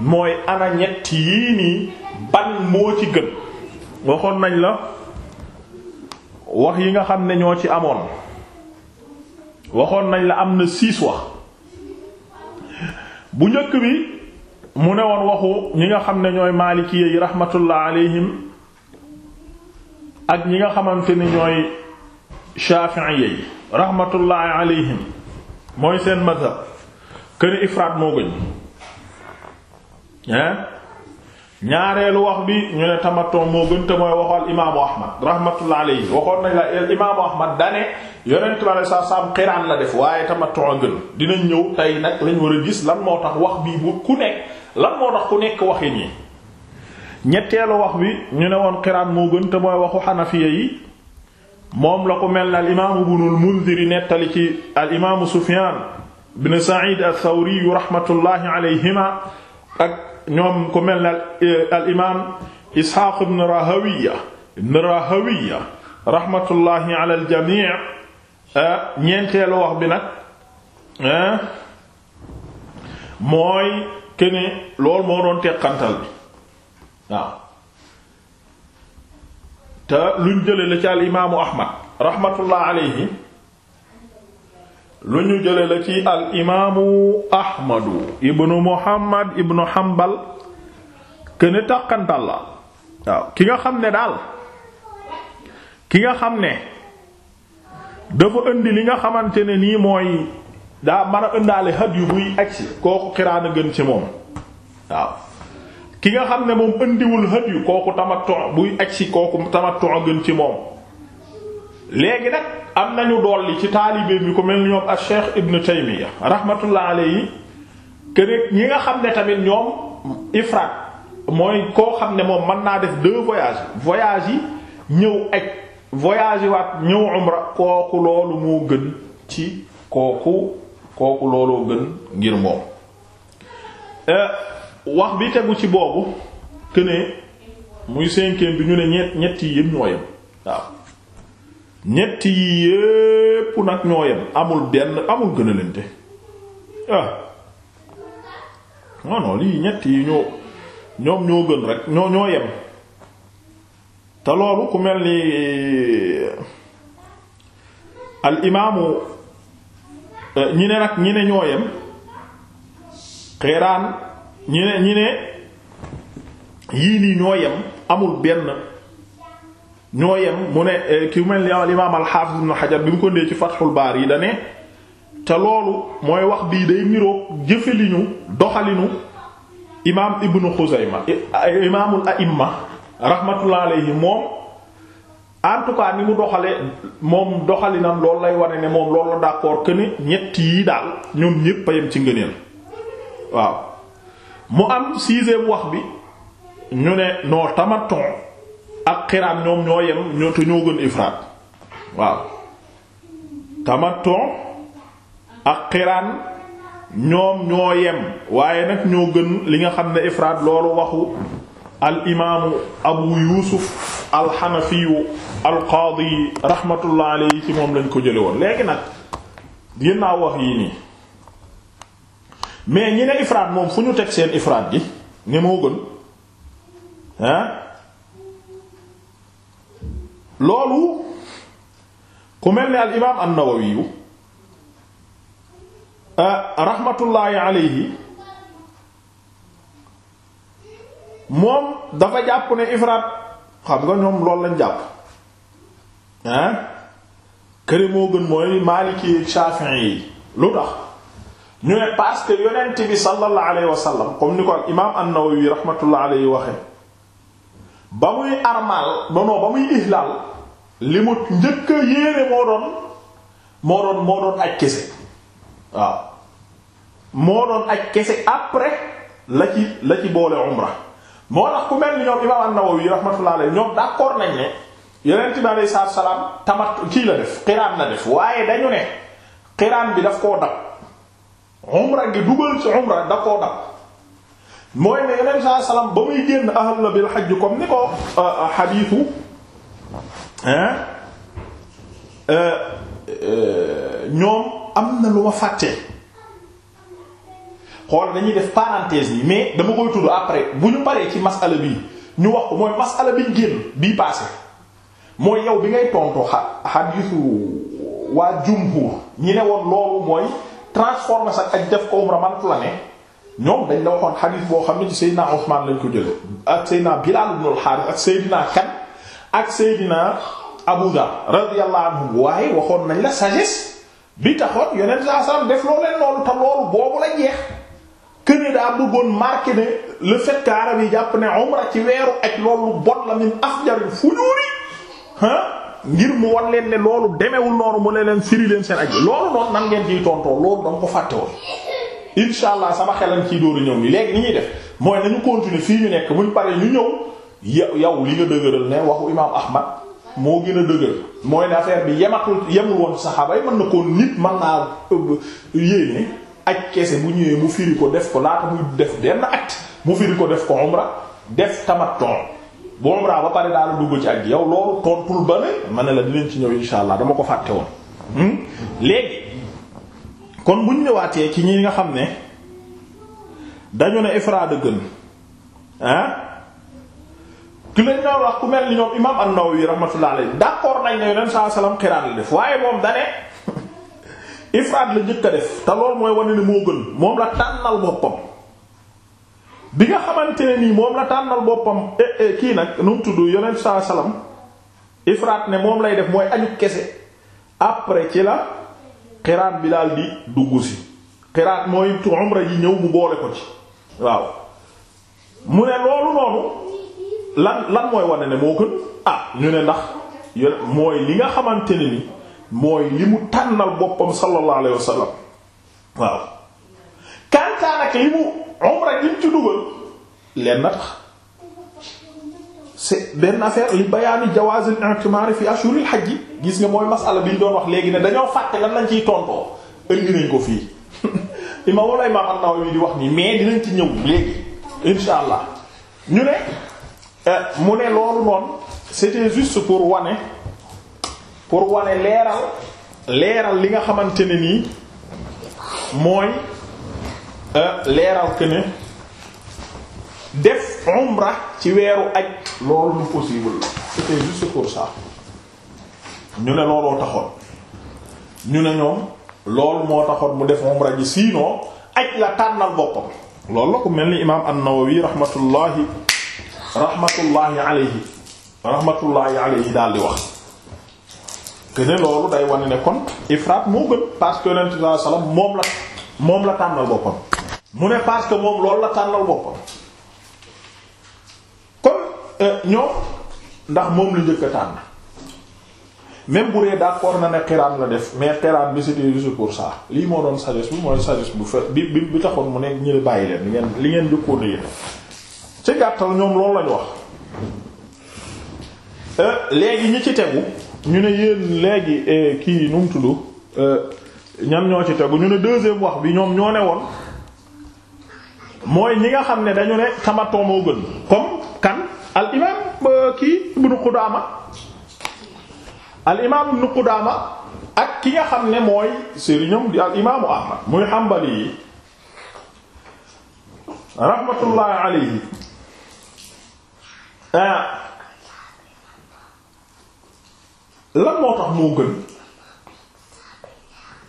mooy ana ñett yii nii ban moo ci gën waxoon nañ la wax yi nga xam ne ñoo ci amoon waxoon nañ la am na six wax bu njëkk bi mu ne woon waxu ñi nga xam ne ñooy maalikiye yi rahmatullah alayhim ak ñi nga xamante ni ñooy shafi'iyye yi rahmatullah alayhim mooy seen mazhab kër ifraat moo gën ñaareelu wax bi ñu ne tamattu moo gën te mooy waxal imaamu ahmad rahmatullah alayhi waxoon nañ la imaamu ahmad dane yonent bi alayhi salaam xiraan la def waaye tamattu a gën dinañ ñëw tey nag lañ war a gis lan moo tax wax bii ku nekk lan moo tax ku nekk waxin yi ñetteelu wax bi ñu ne woon xiraan moo gën te mooy waxu xanafiya yi moom la ko mel na al imaamu ibnul nettali ci al imaamu sufyaan bin sa'iid ath-thawri rahmatullahi alayhima ak ñoom ku mel ne eh, al imaam Isxaaq ibn Rahawiya ibn Rahawiya rahmatullahi ala al jamii eh, ñeenteelu wax bi nag eh, mooy kene loolu moo doon teqantal bi waaw jële la ci al imaamu Ahmad rahmatullah alayhi lu ñu jële la ci al imaamu ahmadu ibnu muhammad ibnu hambal këne tàqantal la waaw ki nga xam ne daal ki nga xam ne dafa indi li nga xamante ne nii mooy daa mën a ëndaale xat yu buy agsi kooku xiraan a gën ci moom waaw ki nga xam ne moom indiwul xat yu kooku tamattu buy agsi kooku tamattu a gën ci moom léegi nag am nañu dolli ci taalibe bi ko mel ni ñoom ak Cheikh Ibn Taymiyya rahmatullah alayhi que ñi nga xam ne tamit ñoom ifrat mooy koo xam ne moom mën naa def deux voyage voyage yi ñëw ak voyages yi waat ñëw umra kooku loolu moo gën ci kooku kooku looloo gën ngir moom. Eh, wax bi tegu ci boobu que ne muy cinquième bi ñu ne ñett ñett yëpp ñoo waaw. ñetti yi yépp nag ñoo yem amul benn amul gën a lente ah non lii ñett yi ñoo ñoom ñoo gën rek ñoo ñoo yem te loolu ku mel ni eh, al imaamu eh, ñi ne nag ñi ne ñoo yem xeeraan ñi ne ñi ne yii nii ñoo yem amul benn ñoo yem mu ne eh, ki mel ni al imaam al-Hafiz bi mu ko ndee ci Fathul baar yi da ne te loolu mooy wax bii day niroog jëfeliñu doxalinu imaam Ibn Xuzayma eh, eh, imaamul a'imma rahmatullah alayhi moom en ni mu doxale moom doxalinam lool lay wane ne moom loolu la d'accord que ni ñett yii daal ñoom ñépp a yem ci ngëneel waaw mu am sixième wax bi ñu ne noo tamaton ak xiraan ñoom ñoo yem ñoo te ñoo gën ifraat waaw tamattu ak xiraan ñoom ñoo yem waaye nag ñoo gën li nga xam ne ifraat loolu waxu al imaamu abu yuusuf al xanafiyu raxmatullah alayhi ci moom lañ ko jële woon léegi nag ginnaaw wax yii nii mais ñi ne ifraat moom fu ñu teg seen ifraat gi ne moo gën loolu ku mel ni al imaam an-Nawawi eh, rahmatullahi alayhi moom dafa jàpp ne ifraat xam nga ñoom loolu lañ jàpp ah këre moo gën mooy Maliki ak Shafi'i yi lu tax ñu ne parce que yonent bi sallallahu alayhi wa sallam comme ni ko al imaam an-Nawawi rahmatullahi alayhi waxe ba muy armaal noonu ba muy ihlaal li mu njëkk a yéene moo doon moo doon moo doon aj kese waaw moo doon aj kese après la ci la ci boole umra moo tax ku mel ni ñoom imaam an-Nawawi rahmatullah alayhi ñoom d'accord nañ ne yonent bi alayhi salaatu salaam tamat kii la def xiraan la def waaye dañu ne xiraan bi daf koo dab umra gi dugal ci umra daf koo dab mooy ne yeneen saa salaam ba muy génn ahal la bil hajj comme ni ko xadiisu euh, euh, euh, ñoom am na lu ma fàtte xool dañuy def parenthèse yi mais dama koy tudd après bu ñu paree ci masala bi ñu wax ko mooy masala bi génn bii passé mooy yow bi ngay tontu xadiisu waa jumhur ñi ne woon loolu mooy transformer sax ak def ko umra la ne ñoom dañ la waxoon xadiis boo xam ne ci Seydina Usmaan lañ ko jële ak Seydina Bilaal ibn al-Haaris ak Seydina Kan ak Seydina Abu Dar radiyallahu anhu waaye waxoon nañ la sagesse bi taxoon yeneen saa salaam def loo leen loolu te loolu boobu la jeex que yi jàpp ne umra ci weeru ak loolu bon la min afjaril fujuuri ngir mu wan leen ne loolu demewul noonu mu ne leen firi leen seen aj loolu noonu nan ngeen ciy tontoo loolu danga ko fàtte woon insha allah sama xelam ci dóoru ñëw ni léegi ni ñuy def mooy nañu continuer fii ñu nekk buñ paree ñu ñëw yow li nga dëgëral ne waxu imaam ahmad moo gën a dëgër mooy ne affaire bi yematul yemul woon saxaaba yi mën na ko nit man naa yéene ak kese bu ñëwee mu firi ko def ko laata muy def benn at mu firi ko def ko umra def ton bu umra ba pare daal dugg ci ak yow loolu tontul ba ne ma ne la dinañ ci ñëw insha dama ko fàtte woon hmm? léegi kon buñ ñëwaatee ci ñi nga xam ne dañu ne ifraad gën ah ki lañ doon wax ku mel ni ñoom imaam an-Nawawi rahmatullah alayhi d'accord nañ ne yonent saa salaam xiraan la def waaye moom dane ifraad la njëkk a def te mooy wane ne moo gën moom la tànnal boppam bi nga xamante ne nii moom la tànnal boppam e, e, kii nag nu mu tudd yonent saa salaam ifraad ne moom lay def mooy aju kese après ci la. xiraat bi daal di dugg si xiraat mooy umra ñëw mu boole ko ci waaw mu ne loolu noonu lan lan mooy wane ne moo gën ah ñu ne ndax mooy li nga xamante ne ni mooy li mu tànnal boppam sallallahu alayhi wasallam waaw kantaan ak li mu umra ji mu ci dugal leen tax c'est benn affaire li bayaani jawaazil i'timaar fi ashuril hajj gis nga mooy masala bi ñu doon wax léegi ne dañoo fàtte lan lañ ciy tontoo indi ko fii ima wala imam an-Nawawi di wax nii mais dinañ ci ñëw léegi insha allah ñu ne eh, mu ne loolu noonu c'était juste pour wane pour wane leeral leeral li nga xamante ne nii mooy eh, leeral que def umra ci weeru aj loolu lu possible la c'était juste pour ça ñu ne looloo taxoon ñu ne ñoom lool moo taxoon mu def umra ji sinon aj la tànnal boppam loolu la ko mel ni imaam an-Nawawi rahmatullahi rahmatullahi alayhi rahmatullahi alayhi daal di wax que ne loolu day wane ne kon ifraat moo gën parce que yonent moom la moom la tànnal boppam mu ne parce que moom lool la tànnal boppam kon euh, ñoom ndax moom lu njëkk a tànn même bu dee d'accord na ne xiraan la def mais xiraan bi c'était juste pour ça lii moo doon sagesse bi mooy sagesse bu fe bi bi bi taxoon mu nekk ñële bàyyi leen li ngeen li ngeen jëkkoon yéen ci gàttal ñoom loolu lañu wax euh, léegi ñi ci tegu ñu ne yéen léegi euh, kii nu mu tudd ñan ñoo ci tegu ñu ne deuxième wax bi ñoom ñoo ne woon mooy ñi nga xam ne dañu ne tamaton moo gën comme kan al imaam euh, kii ibnu Qudaama al imaam ibnu ak ki nga xam ne mooy sëriñam di al imaamu Ahmad muy Hanbali yi rahmatullahi alayhi ah. lan moo tax moo gën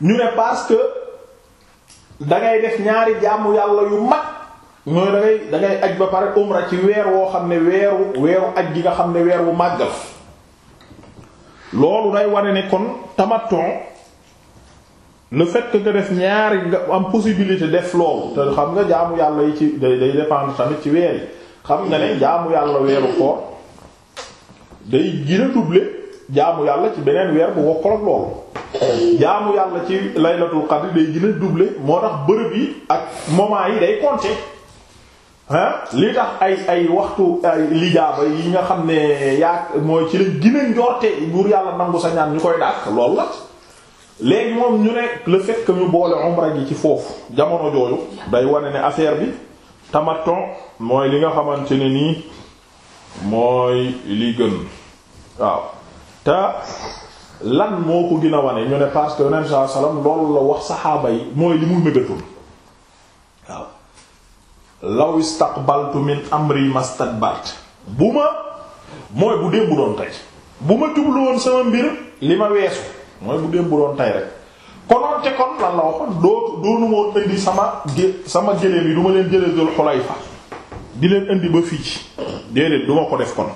ñu ne parce que dangay def ñaari jàmm yàlla yu mag mooy da ngay aj ba pare umra ci weer woo xam ne weeru weeru aj gi nga xam ne weer wu màggal loolu day wane ne kon tamaton le fait que nga def ñaari nga am possibilité def loolu te xam nga jaamu yàlla yi ci day day dépendre tamit ci weer yi xam nga ne jaamu yàlla weeru koor day gën a jaamu yàlla ci beneen weer bu wokkol ak loolu jaamu yàlla ci laylatul qadr day gën a doublé moo tax bërëb yi ak moment yi day compter li tax ay ay waxtu ay lijaaba yi nga xam ne yaa mooy ci lañ gën a buur yàlla nangu sa ñaan ñu koy dàq loolu la léegi moom ñu ne le fekk ñu boole umra gi ci foofu jamono jooju day wane ne affaire bi tamaton mooy li nga xamante ne nii mooy li gën waaw te lan moo ko gën a wane ñu ne parce que yonent bi sallam loolu la wax saxaaba yi mooy li mu mébétoon waaw law istaqbaltu min amri mastadbart bu ma mooy bu démb doon tey bu ma jublu woon sama mbir li ma weesu mooy bu démb doon tey rek konoon te kon lan la doo doonu moon sama gé sama géléem yi du ma leen jëlee dul xulayfa di leen indi ba fii ci déedéet du ma ko def kon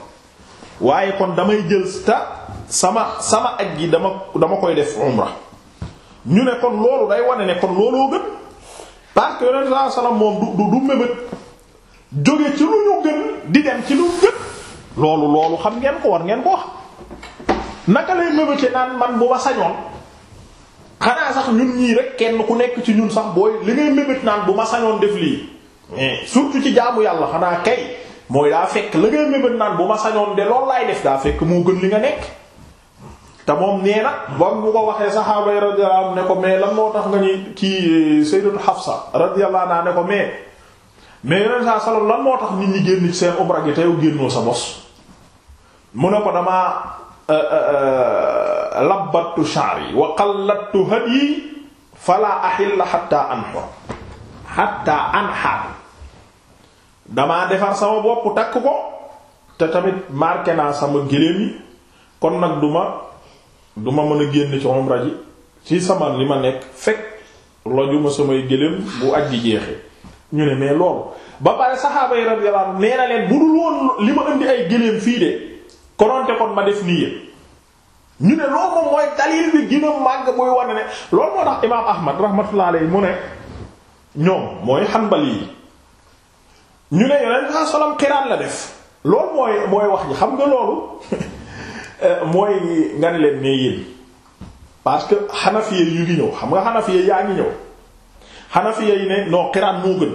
waaye kon damay jël ta sama sama aj gi dama dama koy def umra ñu ne kon loolu day wane ne kon looloo gën parce que yonent saa salaam moom du du mébét jóge ci lu ñu gën di dem ci lu gën loolu loolu xam ngeen ko war ngeen ko wax naka lay mébéte naan man bu ma sañoon xanaa sax ñun ñii rek kenn ku nekk ci ñun sax booy li ngay mébét naan bu ma sañoon def lii mais eh, surtout ci jaamu yàlla xanaa kay mooy daa fekk la ngay mébét naan bu ma sañoon de loolu laay def daa fekk moo gën li nga nekk te moom nee na ba mu ko waxee saxaaba yi radiyallahu anhu ne ko mais lan moo tax nga ni kii eh, sayyidatu Hafsa radiyallahu naa ne ko mais mais yeneen saa sallam lan moo tax nit ñi génn ci seen umra gi te yow génnoo sa bos mu ne ko damaa eh, eh, labbattu sha'ri wa qallattu hadyi fala ahilla hatta anha hatta anha damaa defar sama bopp takk ko te tamit marqué naa sama géléem yi kon nag duma du ma mën a génn ci umra ci sama li ma nekk fekk loju ma samay gëléem bu aj ji jeexee ñu ne mais loolu ba pare saxaaba yi radiyallahu anhu nee na leen bu dul woon li ma indi ay gëléem fii de konoonte kon ma def nii yëpp ñu ne loolu moom mooy dalil bi gën a màgg buy ne loolu moo tax imaam Ahmad rahmatullahi alayhi mu ne ñoom mooy Hanbali yi ñu ne yoneen sa salam xiraan la def loolu mooy mooy wax ji xam nga loolu Euh, mooy nga ne leen ne yéen parce que xanafiye yu ngi ñëw xam nga xanafiye yaa ngi ñëw xanafiye yi ne non xiraan moo gën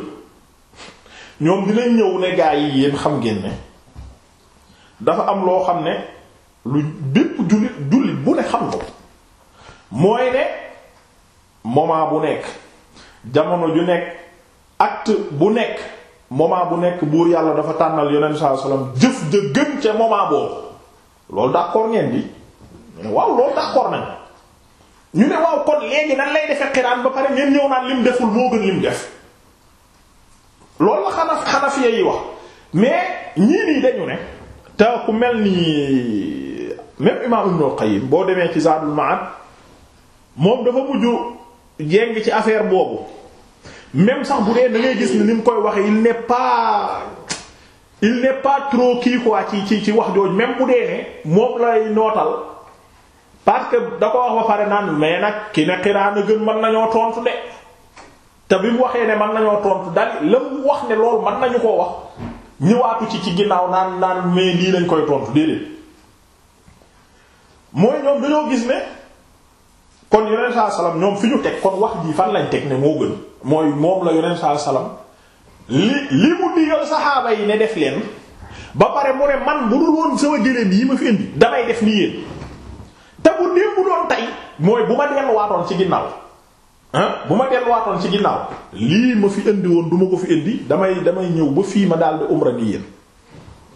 ñoom dinañ ñëw ne gaa yi yéen xam ngeen dafa am loo xam ne lu bépp jullit jullit bu ne xam ko mooy ne moment bu nekk jamono ju nekk at bu nekk moment bu nekk buur yàlla dafa tànnal yonent sallallahu alayhi wasallam jëf ja ca moment boobu loolu d'accord ngeen di waaw loolu d'accord nañ ñu ne waaw kon léegi nan lay defee xiraan ba pare ngeen ñëw naan lim deful moo gën lim def loolu la xanaf xanaf yi wax mais ñii nii dañu ne te ku mel ni même imaam Ibn Qayyim boo demee ci Zadul Ma'ad moom dafa mujj jéng ci affaire boobu même sax bu dee da gis ni ni mu koy waxee il n'est pas il n'est pas trop kii quoi ci ci wax jooju même bu dee ne moom lay nootal parce que da ko wax ba pare naan mais nag ki ne xinaa a gën mën nañoo tontu de te bi mu waxee ne mën nañoo tontu dal la mu wax ne loolu man nañu koo wax ñëwaatu ci ci ginnaaw naan naan mais lii lañ koy tontu déedéet mooy ñoom dañoo gis ne kon yonent saa ñoom fi ñu teg kon wax bii fan lañ teg ne moo gën mooy moom la yonent saa salaam. li li mu digal saxaaba yi ne def leen ba pare mu ne man bu dul woon sama gëléem yi ma fi indi damay def ni yéen te bu néew bu doon tey mooy bu ma delluwaatoon ci ginnaaw ah, bu ma delluwaatoon ci ginnaaw lii ma fi indi woon du ma ko fi indi damay damay ñëw ba fii ma daal di umra ni yéen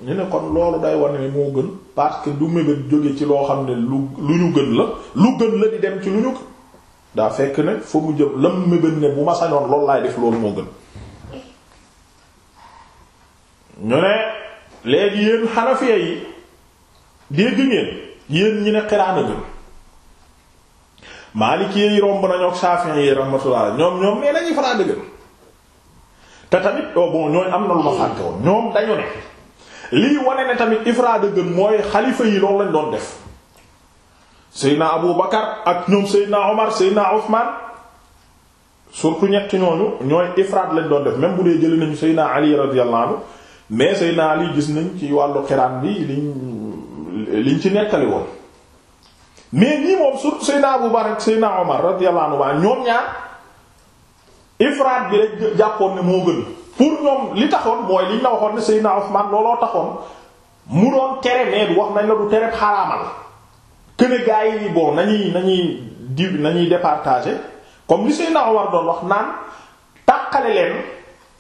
ñu ne kon loolu day wane ne moo gën parce que du mébét jóge ci loo xam ne lu lu ñu gën la lu gën la di dem ci lu ñu daa fekk ne fa mu jëm lam mébét ne bu ma sañoon loolu laay moo gën ñu ne léegi yéen xanafiya yi dégg ngeen yéen ñi ne xiraan a gën maaliki yi romb nañu ak saafin yi rahmatullah ñoom ñoom nee nañuy faraa dëgg te tamit oh bon ne lii wane ne tamit ifraad gën mooy xalifa yi loolu lañ doon def Seydina Abu Bakar ak ñoom Seydina Omar Seydina Ousmane surtout ñetti ñooñu ñooy ifraad lañ doon def même bu dee jëlee nañu Seydina Ali radiyallahu mais naa Ali gis nañ ci wàllu xiraan bi liñ liñ ci nekkali woon mais nii moom surtout Seydina Abu Bakr Seydina Omar radiyallahu anhu ñoom ñaar ifraat bi rek jàppoon ne moo gën pour ñoom li taxoon mooy liñ la waxoon ne Seydina Ousmane looloo taxoon mu doon tere mais wax nañ la du tere xaraamal këne gaa yi bon nañuy nañuy di nañuy départager comme li Seydina Omar doon wax naan tàqale leen.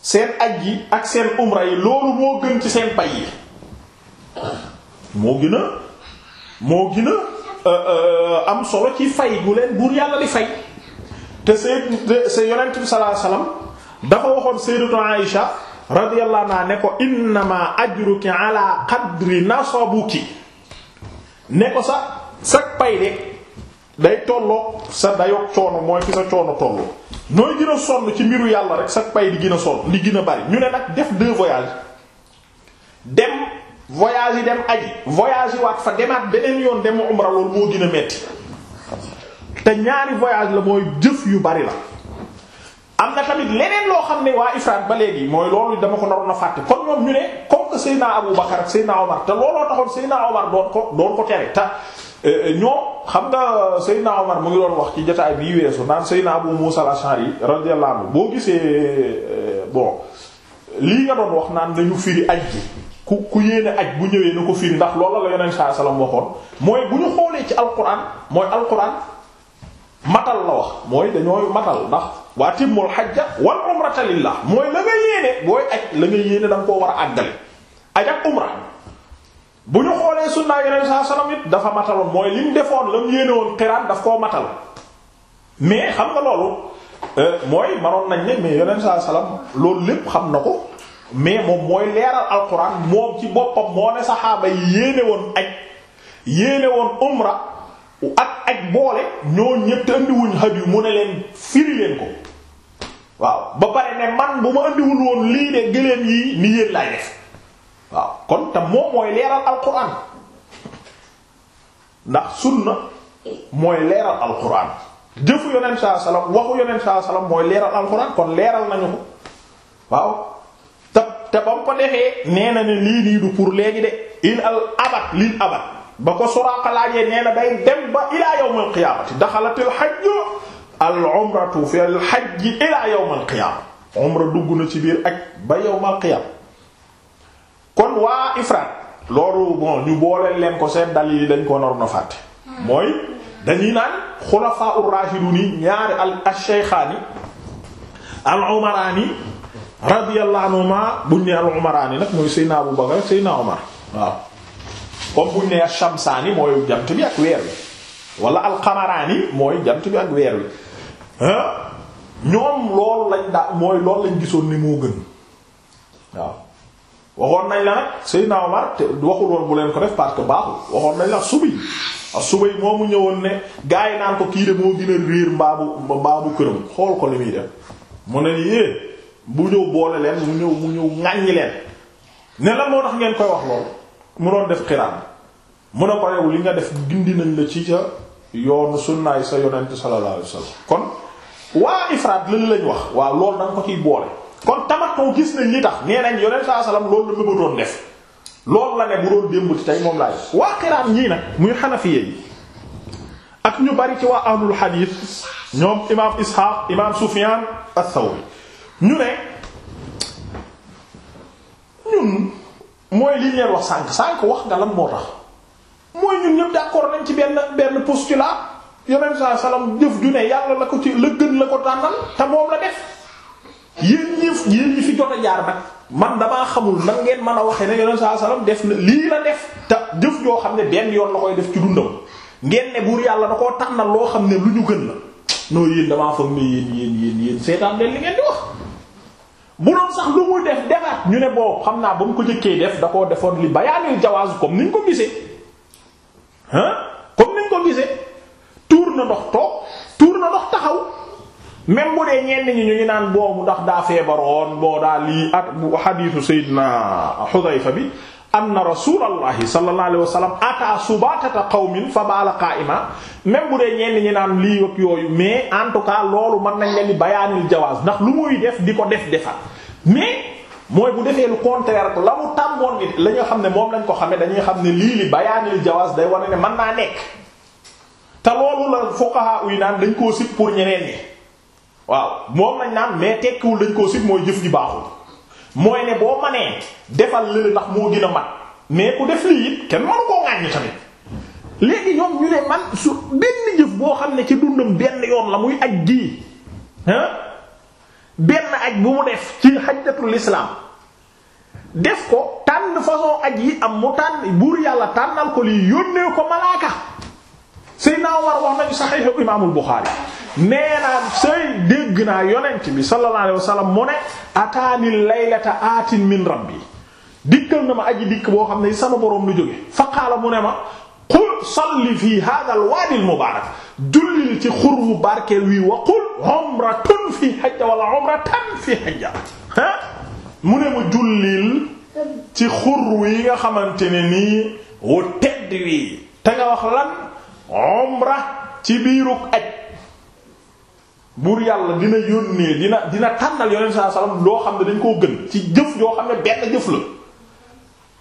seen aj yi ak seen umra yi loolu moo gën ci seen pay yi moo gën moo gën euh, euh, am solo ci fay bu leen buur yàlla di fay te seen seen yonent bi sallallahu alayhi wasallam dafa waxoon sayyidatu Aisha radiyallahu anha ne ko innama ajruki ala qadri nasabuki ne ko sa sak pay de day tolloog sa dayoog coono mooy fi sa coono tollu nooy gën sonn ci mbiru yàlla rek sa pay di gën a sonn di gën bari ñu ne nag def deux voyage dem voyage yi dem aji voyage yi waat fa demaat beneen yoon dem umra loolu moo gën metti te ñaari voyage la mooy jëf yu bari la am na tamit leneen loo xam ne waa ifraat ba léegi mooy loolu dama ko naroon a fàtte kon ñoom ñu ne comme que Seydina Abou Bakar te looloo taxoon Seydina Omar doon ko tere Eh, eh, ñoom xam nga euh, Seydina Omar mu ngi doon wax ci jotaay bi weesu naan Seydina Abu Musa al-Ash'ari radiyallahu anhu boo gisee euh, bon lii nga doon wax naan nañu firi aj ji ku ku yéene aj bu ñëwee na ko firi ndax loolu la Yonent saa salaam waxoon mooy bu ñu xoolee ci alquran mooy alquran matal la wax mooy dañooy matal ndax wa timmul hajja wal umrata mooy la nga yéene booy aj la nga yéene da koo war a àggale aj ak umra bu ñu xoolee sunnaa yonent saa salaam it dafa mataloon mooy li mu defoon la mu yéene woon xiraan daf koo matal mais xam nga loolu euh, mooy manoon nañ ne mais yonent saa salaam loolu lépp xam na ko mais moom mooy leeral alquran moom ci boppam moo ne saxaaba yi yéene woon aj yéene woon umra ak aj boole ñoo ñett indiwuñ xaj yu mu ne leen firi leen ko waaw ba pare ne man bu ma indiwul woon lii de gëléem yii ni yéen laay def waaw kon te moom mooy leeral alquran ndax sunna mooy leeral alquran jëfu yonent saa salaam waxu yonent saa salaam mooy leeral alquran kon leeral nañu ko waaw te te ko defee nee na ne lii nii du pour léegi de il al abat lil abat ba ko Suraaqa laajee nee na day dem ba ilaa yawmal qiyaamati daxalatil hajju al umratu fil hajji ilaa yawmal qiyaama umra dugg na ci biir ak ba yawmal qiyaama kon waa ifraat loolu bon ñu booleel leen ko seen dal yi dañ ko naroon na fàtte mooy dañuy naan xulafaa ur-raashidun yi ñaari al ash-shaykhaani al umaraani radiyallahu anhuma buñ ne al umaraani nag mooy Seydina Abu Bakar Seydina Umar waaw comme buñ ne ash-shamsaani mooy jant bi ak weer wi wala al qamaraani mooy jant bi ak weer wi ñoom loolu lañ daa mooy loolu lañ gisoon ni moo gën waaw waxoon nañ la nag Seydina Omar te waxul woon bu leen ko def parce que baaxul waxoon nañ la subay yi subay moomu ñëwoon ne gars yi naan ko kii de moo gën a réer mbaabu mbaabu këram xool ko li muy def mu ne ni yée eh, bu ñëw boole leen mu ñëw mu ñëw ŋàññi leen ne la moo tax ngeen koy wax loolu mu doon def xiraan mu ne ko yow li nga def gindi nañ la ci ca yoonu sunnaay sa yonent sallallahu alayhi wasallam kon waa ifraat lan lañ wax waaw loolu da nga ko ciy boole kon koo gis nañ li tax nee nañ yonent saa salaam loolu la mëbatoon def lool la ne bu doon démb ci tey moom laay waa xiraam ñii nag muy xanafiye yi ak ñu bari ci waa ahlul xadiis ñoom imaam Isxaaq imaam Sufyaan as-Sawri ñu ne ñun mooy li ñu wax sànq sànq wax nga lan moo tax mooy ñun ñëpp d'accord nañ ci benn benn postulat yonent saa salaam jëf ju ne yàlla la ko ci la gën la ko tànnal te moom la def. yéen yéen ñi fi jot a jaar nag man damaa xamul nan ngeen mën a waxee ne yonent saa salaam def na lii la def ta jëf joo xam ne benn yoon la koy def ci dundam ngeen ne buur yàlla da koo tax na loo xam ne lu ñu gën la non yéen damaa foog ne yéen yéen yéen yéen seetaan leen li ngeen di wax. bu doon sax lu muy def defaat ñu ne boo xam naa ba mu ko jëkkee def da koo defoon li bayaanul jawaaz comme ni ñu ko gisee ah comme ni ñu ko gisee tuur na ndox toog même bu dee ñenn ñi ñu ngi naan boobu ndax daa feebaroon boo daa lii ak bu xadiisu Seydina Xudayfa bi anna rasulallahi sallallahu alayhi wa sallam ata subatata qawmin fa baala qaa'ima même bu dee ñenn ñi naan lii ak yooyu mais en tout cas loolu mën nañ leen di bayaanil jawaaz ndax lu muy def di ko def defar mais mooy bu defee lu contraire la mu tàmmoon la ñu xam ne moom lañ ko xamee dañuy xam ne lii li bayaanil jawaaz day wane ne man naa nekk te loolu la fuqaha uy naan dañ koo sib pour ñeneen ñi waaw moom lañ naan mais tekkiwul dañ koo sib mooy jëf ji baaxul mooy ne boo manee defal lële ndax moo gën a mat mais ku def lii it kenn mënu koo ŋàññi tamit léegi su boo xam ne ci dundam benn yoon la muy aj gii benn aj bu def ci xajjatul islam def ko tànn façon yi am mu tànn yàlla tànnal ko lii yónnee ko malaaka Seydina Umar wax nañu saxiixu imaamul Buxaari nee naa sëy dégg naa yonent bi sallallahu alayhi wasallam mu ne ataani laylata aatin min rabbi dikkal na ma aji dikk boo xam ne sama boroom lu jóge fa qaala mu ne ma qul salli fi hadha alwaadi almubaarak jullil ci xur wu barkeel wi wa qul umratun fi hajja wala umratan fi hajja ah mu ne ma jullil ci xur wi nga xamante ne nii wu tedd wi te nga wax lan umra ci biiruk aj buur yàlla dina yónnee dina dina tànnal yonent saa salaam loo xam ne dañ koo gën ci jëf yoo xam ne benn jëf la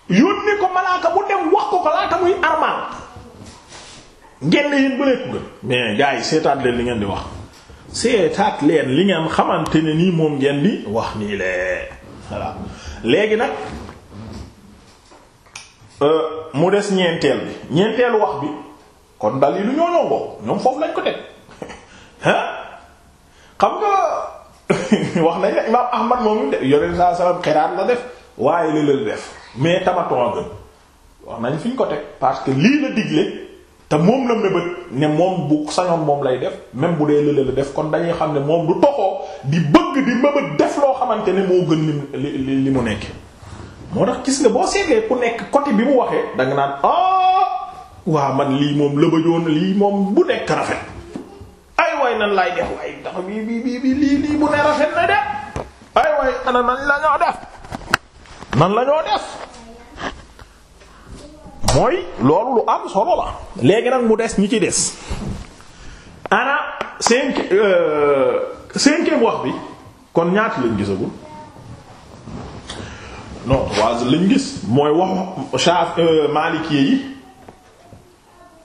yónnee ko malaaka bu dem wax ko ko laata muy armal ngeen yéen ba lépp gën mais gars yi seetaat leen li ngeen di wax seetaat leen li ngeen xamante ne nii moom ngeen di wax nii lee voilà léegi nag euh, mu des ñeenteel bi ñeenteelu wax bi kon dal yi lu ñoo boobu ñoom foofu lañ ko teg ah xam nga wax nañ ne imaam Ahmad moom yoneen saa salaam xiraat la def waaye li la def mais tamaton gën wax nañ fi ñu ko parce que lii la digle te moom la mébét ne moom bu sañoon moom lay def même bu dee lële la def kon dañuy xam ne moom du toxoo di bëgg di mébét def loo xamante ne moo gën li li mu nekk. moo tax gis nga boo seetlee ku nekk côté bi mu waxee da naan ah waa man lii moom lëbëjoon lii moom bu nekk rafet. waay nan laay def waay ndax bii bii bii bii lii lii ne rafet na de ay waay ana nan la ñoo def nan la def mooy loolu lu am solo la léegi nag mu des ñi ci des ana cinq euh, cinquième wax bi kon ñaata lañ gisagul non trois lañ gis mooy wax Shaaf euh, Maliki yi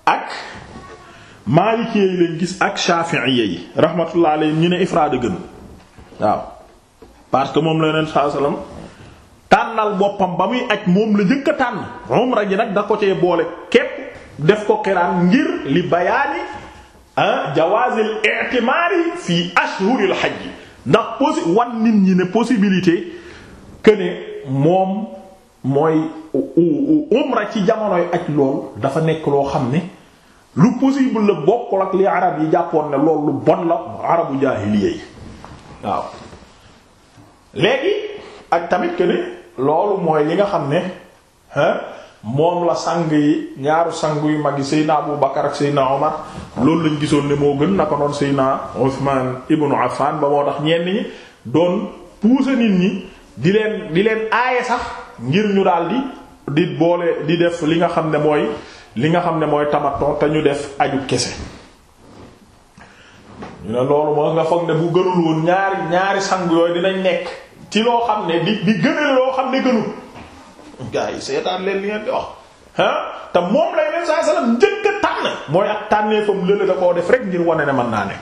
ak maalikee yi lañ gis ak shafi'iyya yi rahmatullah alayhim ñu ne ifraada gën waaw parce que moom la yeneen saa salaam tànnal boppam ba muy aj moom la jëkk a tànn umra ji nag da ko cee boole képp def ko xiraan ngir li bayaani ah, jawaazil i'timaari fii ashhuril hajj ndax possi wan nit ñi ne possibilité que moom mooy umra ci jamonoy aj lool dafa nekk loo xam ne lu possible la bokkul ak li arab yi jàppoon ne loolu lu bon la arabu jaahiliya yi waaw léegi ak tamit que ni loolu mooy li nga xam ne moom la sang yi ñaaru sang yu mag yi Seydina Abu Bakar ak Seydina Omar loolu lañ gisoon ne moo gën naka noonu Seydina Ousmane ibnu Affan ba moo tax ñenn ñi doon pousser nit ñi di leen di leen aaye sax ngir ñu daal di di boole di def li nga xam ne mooy. li nga xam ne mooy tamaton te ñu def aju kese ñu ne loolu moo nga foog ne bu gënul woon ñaari ñaari sang yooyu dinañ nekk ci loo xam ne di di gënal loo xam ne gënul gaa seetaan leen li ngeen di wax ah te moom lay leen saa salaam njëkk da koo def rek ngir wane ne mën naa ne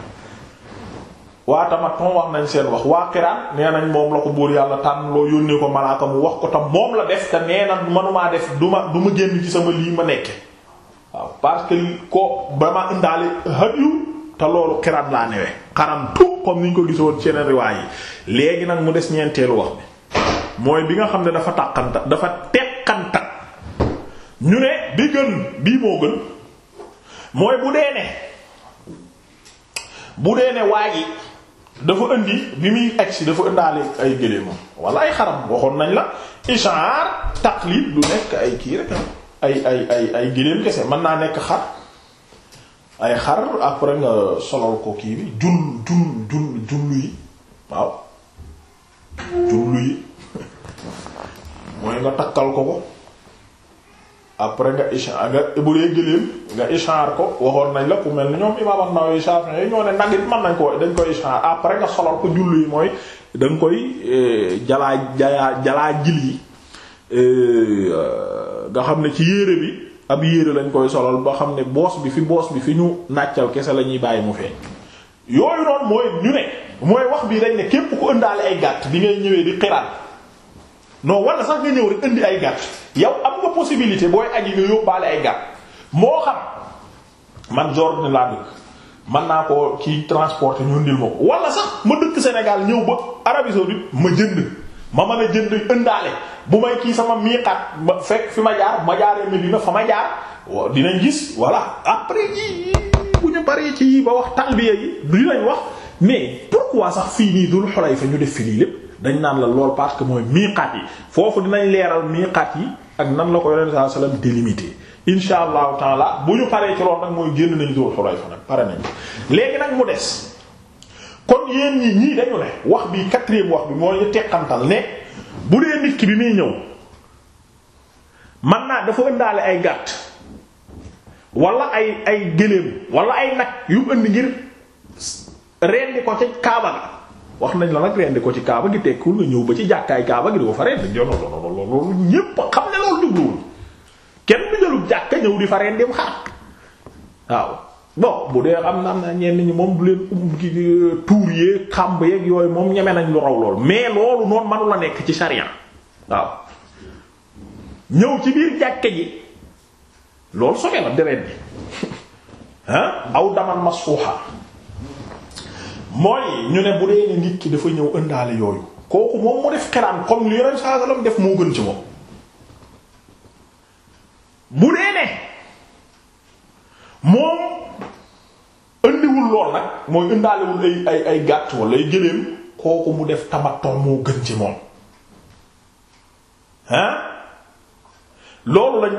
waa tamaton wax nañ seen wax waa xiraan nee nañ moom la ko buur yàlla tànn loo yónnee ko malaaka mu wax ko tam moom la def te nee na manumaa def duma du ma génn ci sama lii ma nekke waaw parce que ko vraiment indaale hadiyu te loolu xiraat laa newee xaram tout comme ni ko gisoon ci yeneen riwaay léegi nag mu des ñeenteelu wax bi mooy bi nga xam ne dafa tàqanta dafa teqanta ñu ne bi gën bii moo gën mooy bu dee ne bu dee ne waa ji dafa indi bi muy agsi dafa indaale ay gëléemam wala ay xaram waxoon nañ la ishaar taqlid du nekk ay kii rek ay ay ay ay kese mën naa nekk xar ay xar après nga solal ko kii bi jul jul jul jullu yi waaw jullu yi mooy nga takkal ko ko après nga ishaar nga bu dee giléem nga ishaar ko waxoon nañ la ku mel ni ñoom imaam an-Nawawi Shafi'i ñoo ne nag it mën nañ ko dañ koy ishaar après nga solal ko jullu yi mooy danga koy eh, jalaa jalaa jil yi eh, nga xam ne ci yére bi ab yére lañ koy solal ba xam ne boos bi fi boos bi fi ñu nàccal kese lañuy bàyyi mu feeñ yooyu noonu mooy ñu ne mooy wax bii dañ ne képp ku ëndaale ay gàtt bi ngay ñëwee di xiraan non wala sax nga ñëw rek indi ay gàtt yow am nga possibilité booy aji ay gàtt moo xam man Jordan laa dëkk mën naa ko ci transporter ñu ndil ma ko wala sax ma dëkk Sénégal ñëw ba Arabie saoudite ma jënd ma mën a jënd ëndaale bu may kii sama miiqaat ma fekk fi ma jaar ma jaaree Medina fa ma jaar dinañ gis voilà après yi bu ñu baree ci yi ba wax talbiya yi dinañ wax mais waa sax fii nii Dul Xulayfa ñu def fi lépp dañ naan la lool parce que mooy miiqaat yi foofu dinañ leeral miiqaat yi ak nan la ko yonent sallallahu alayhi wasallam délimité insha allahu taala bu ñu paree ci lool nag mooy génn nañ Dul Xulayfa nag pare nañ léegi nag mu des. kon yéen ñi ñii dañu ne wax bi quatrième wax bi mooy teqantal ne bu dee nit ki bi muy ñëw man naa dafa ëndaale ay gàtt wala ay ay gëléem wala ay nag yu ënd ngir rendi ko ci kaaba ga wax nañ la nag rendi ko ci kaaba gi tekkul nga ñëw ba ci jàkkaay kaaba gi di ko fa rendi jono loolu xam ne loolu jubluwul kenn du jëlul ñëw di fa rendim xaar waaw bon bu dee am na am na ñenn ñi moom du leen um ki tuur yeeg xàmb yeeg yooyu moom ñeme nañ lu raw lool mais loolu noonu manu la nekk ci sharia waaw ñëw ci biir jàkke ji loolu soge la deret bi ah aw daman masfuha mooy ñu ne bu dee ne nit ki dafa ñëw ëndaale yooyu kooku moom mu def xiraan comme li yoneen saa sallam def moo gën ci moom bu dee ne moom indiwul lool nag mooy indaalewul ay ay ay gàtt wala ay gëléem kooku mu def tamaton moo gën ci moom ah loolu lañ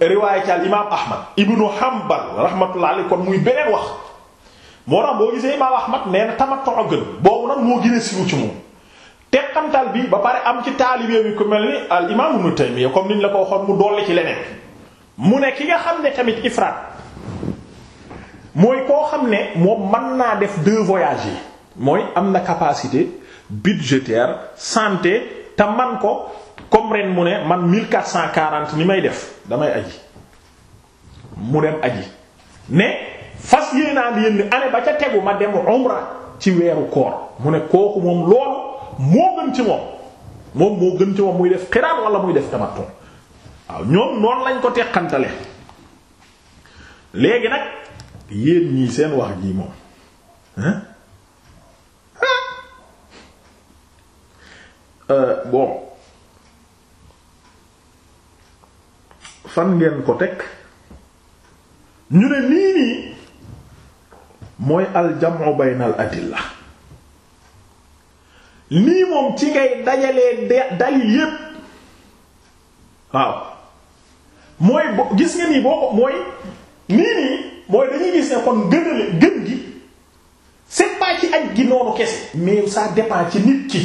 riwaaya ci al imaam ahmad ibnu hanbal rahmatullah alayhi kon muy beneen wax moo tax boo gisee imaam ahmad nee na tamaton a gën boobu nag moo gën a siiw ci moom teqantal bi ba pare am ci taalibe bi ku mel ni al imaam ibnu taymiya comme niñ la ko waxoon mu dolli ci leneen mu ne ki nga xam ne tamit ifraat mooy koo xam ne moom man naa def deux voyages yi mooy am na capacité budgétaire santé te man ko comme ren mu ne man 1440 ni may def damay aji mu dem aji ne fas yéenaan yéen ni année ba ca tegu ma dem umra ci weeru koor mu ne kooku moom loolu moo gën ci moom moom moo gën ci moom muy def xiraan wala muy def tamattu waaw ñoom noonu lañ ko teqantale léegi nag yéen ñii seen wax ji moom hein ah! euh, bon fan ngeen ko teg ñu ne nii nii mooy aljamu baynal adilla nii moom ci ngay dajalee dalil yépp waaw mooy gis nga nii boo ko mooy nii nii mooy dañuy gis ne kon gënale gën gi c'est pas ci aj gi noonu kese mais ça dépend ci nit ki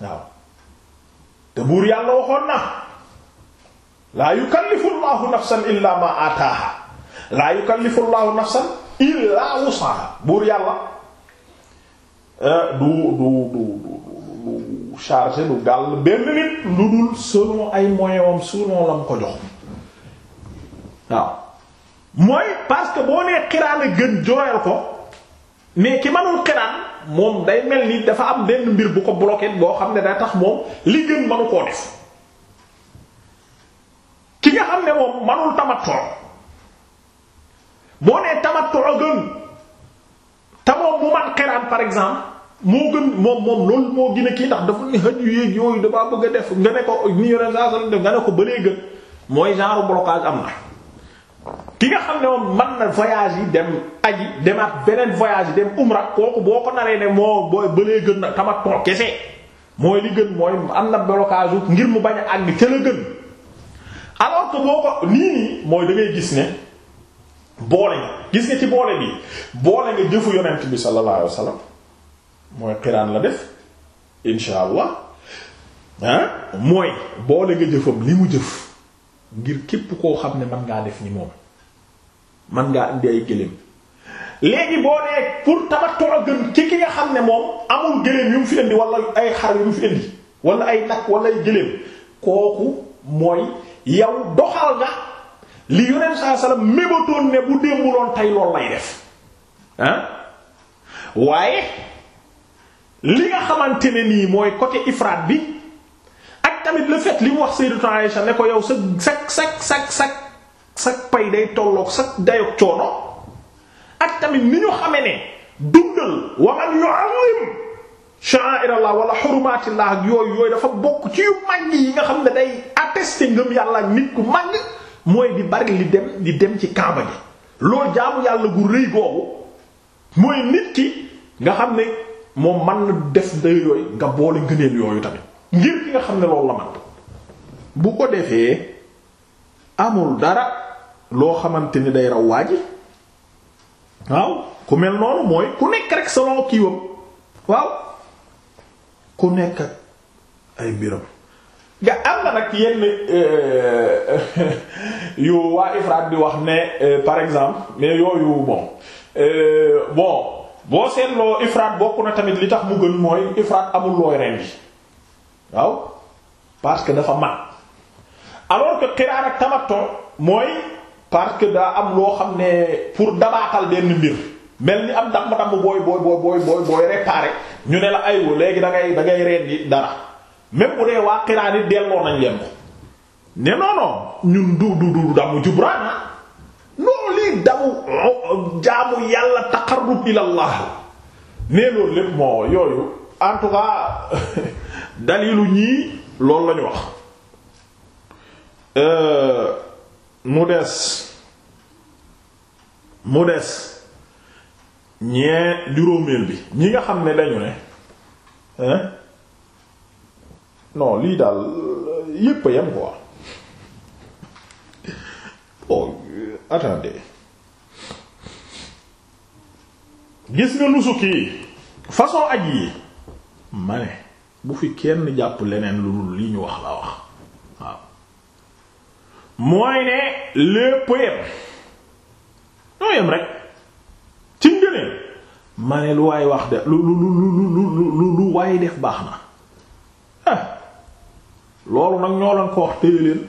waaw te buur yàlla waxoon na laa yukallifu laa yukallifu llahu nafsan illa wusaha buur yàlla euh, du du du du chargé du gàll benn nit lu dul selon ay moyens am selon ko jox waaw mooy parce que boo nee xiraan gën jooyal ko mais ki manul xiraan moom day mel ni dafa am benn mbir bu ko bloqué boo xam ne day tax moom li gën manu koo def ki nga xam ne moom manul tamattu boo nee a gën te moom mu man xiraan par exemple moo gën moom moom loolu moo gën a kii ndax dafa ni xëj yéeg yooyu damaa bëgg a def nga ne ko ni yore saa def nga ne ko bëree gën mooy genre blocage am na. ki nga xam ne moom mën na voyage yi dem ak demaat beneen voyage yi dem umra kooku boo ko naree ne moo booy bëlee gën na tamaton kese mooy li gën mooy am na blocage ngir mu bañ a àgg ca la gën alors boo ko nii nii mooy da gis ne boole gis nga ci boole bi boole nga jëfu yonent bi sallallahu alayhi wasallam mooy xiraan la def insha allah mooy boole nga jëfam li mu jëf ngir képp koo xam ne mën ngaa def ni moom man ngaa indi ay gëléem léegi boo nee pour tamattu gën ci ki nga xam ne moom amul gëléem yu mu fi indi walla ay xar yu mu fi indi wala ay nag wala ay gëléem kooku mooy yow doxal nga li yonent saa salaam mébatoon ne bu démbuloon tay loolu lay def ah waaye li nga xamante ne nii mooy côté ifraat bi ak tamit le fait li mu wax Sayyidatu Aïcha ne ko yow sa sak sak sak sak pay day tolloog sak dayog coono ak tamit ni ñu xame ne dundal wa man yu'azzim sha'a'irallah wala hurumatillah ak yooyu yooyu dafa bokk ci yu màgg yi nga xam ne day attester ngëm yàlla nit ku màgg mooy di bari li dem di dem ci kaaba gi loo jaamu yàlla gu rëy googu mooy nit ki nga xam ne moom man na def day yooyu nga boole ngëneel yooyu tamit ngir ki nga xam ne loolu la man bu ko defee amul dara loo xamante ni day raw waa ji waaw ku mel noonu mooy ku nekk rek selon kiiwam waaw ku nekk ay mbiram nga am na nag yenn euh, yu waa ifraat bi wax ne euh, par exemple mais yooyu euh, bon boo seetloo ifraat bokk na tamit li tax mu gën mooy ifraat amul looy rendi waaw parce que dafa mat alors que xiraan ak tamattu mooy parce que daa am loo xam ne pour dabaatal benn mbir mel ni am damm damm booy booy booy booy booy ñu ne la aywa léegi da ngay da ngay rendi dara même bu waa xiraan yi delloo nañ leen ne non ñun du du du damu jubraana ah. non lii damu jaamu yàlla taqarrub ilallah nee loolu lépp moo yooyu en tout ñii loolu la wax. Euh, mu des mu des ñee juróomeel bi ñi nga xam ne dañu ne hein non lii daal yépp a yem quoi bon oh, attendez gis nga nusuk yi façon aj yi ma bu fi kenn jàpp leneen lu dul li ñu wax la wax waaw mooy ne lépp yem ñoo yem rek ci ngëneel ma ne lu waay wax de lu lu lu lu lu lu waay def baax na ah loolu nag ñoo leen ko wax téye leen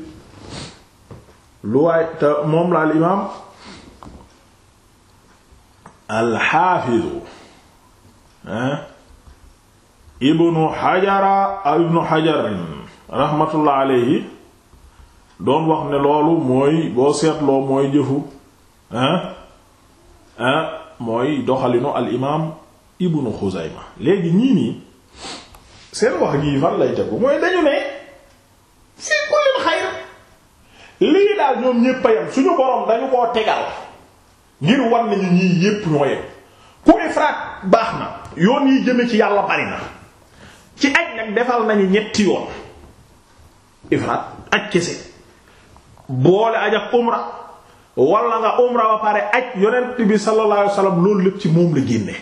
lu waay te moom la al imaam alxaafizu ah ibnu xajara ibnu xajarin raxmatullah alayhi doon wax ne loolu mooy boo seetloo mooy jëfu mooy doxalinu al imaam ibnu Xuzayma léegi ñii nii seen wax jii fan lay tegu mooy dañu ne fii kullin xayr lii daal ñoom ñépp a yem suñu borom dañu koo tegal ngir war nañu ñii yépp ñoo yem ku ifraat baax na yoon yi jëme ci yàlla bari na ci aj nag defal nañu ñetti yoon ifraat aj kese boole aj ak umra wala nga umra ba pare aj yonent bi sallallahu alayhi wasallam loolu lépp ci moom la génne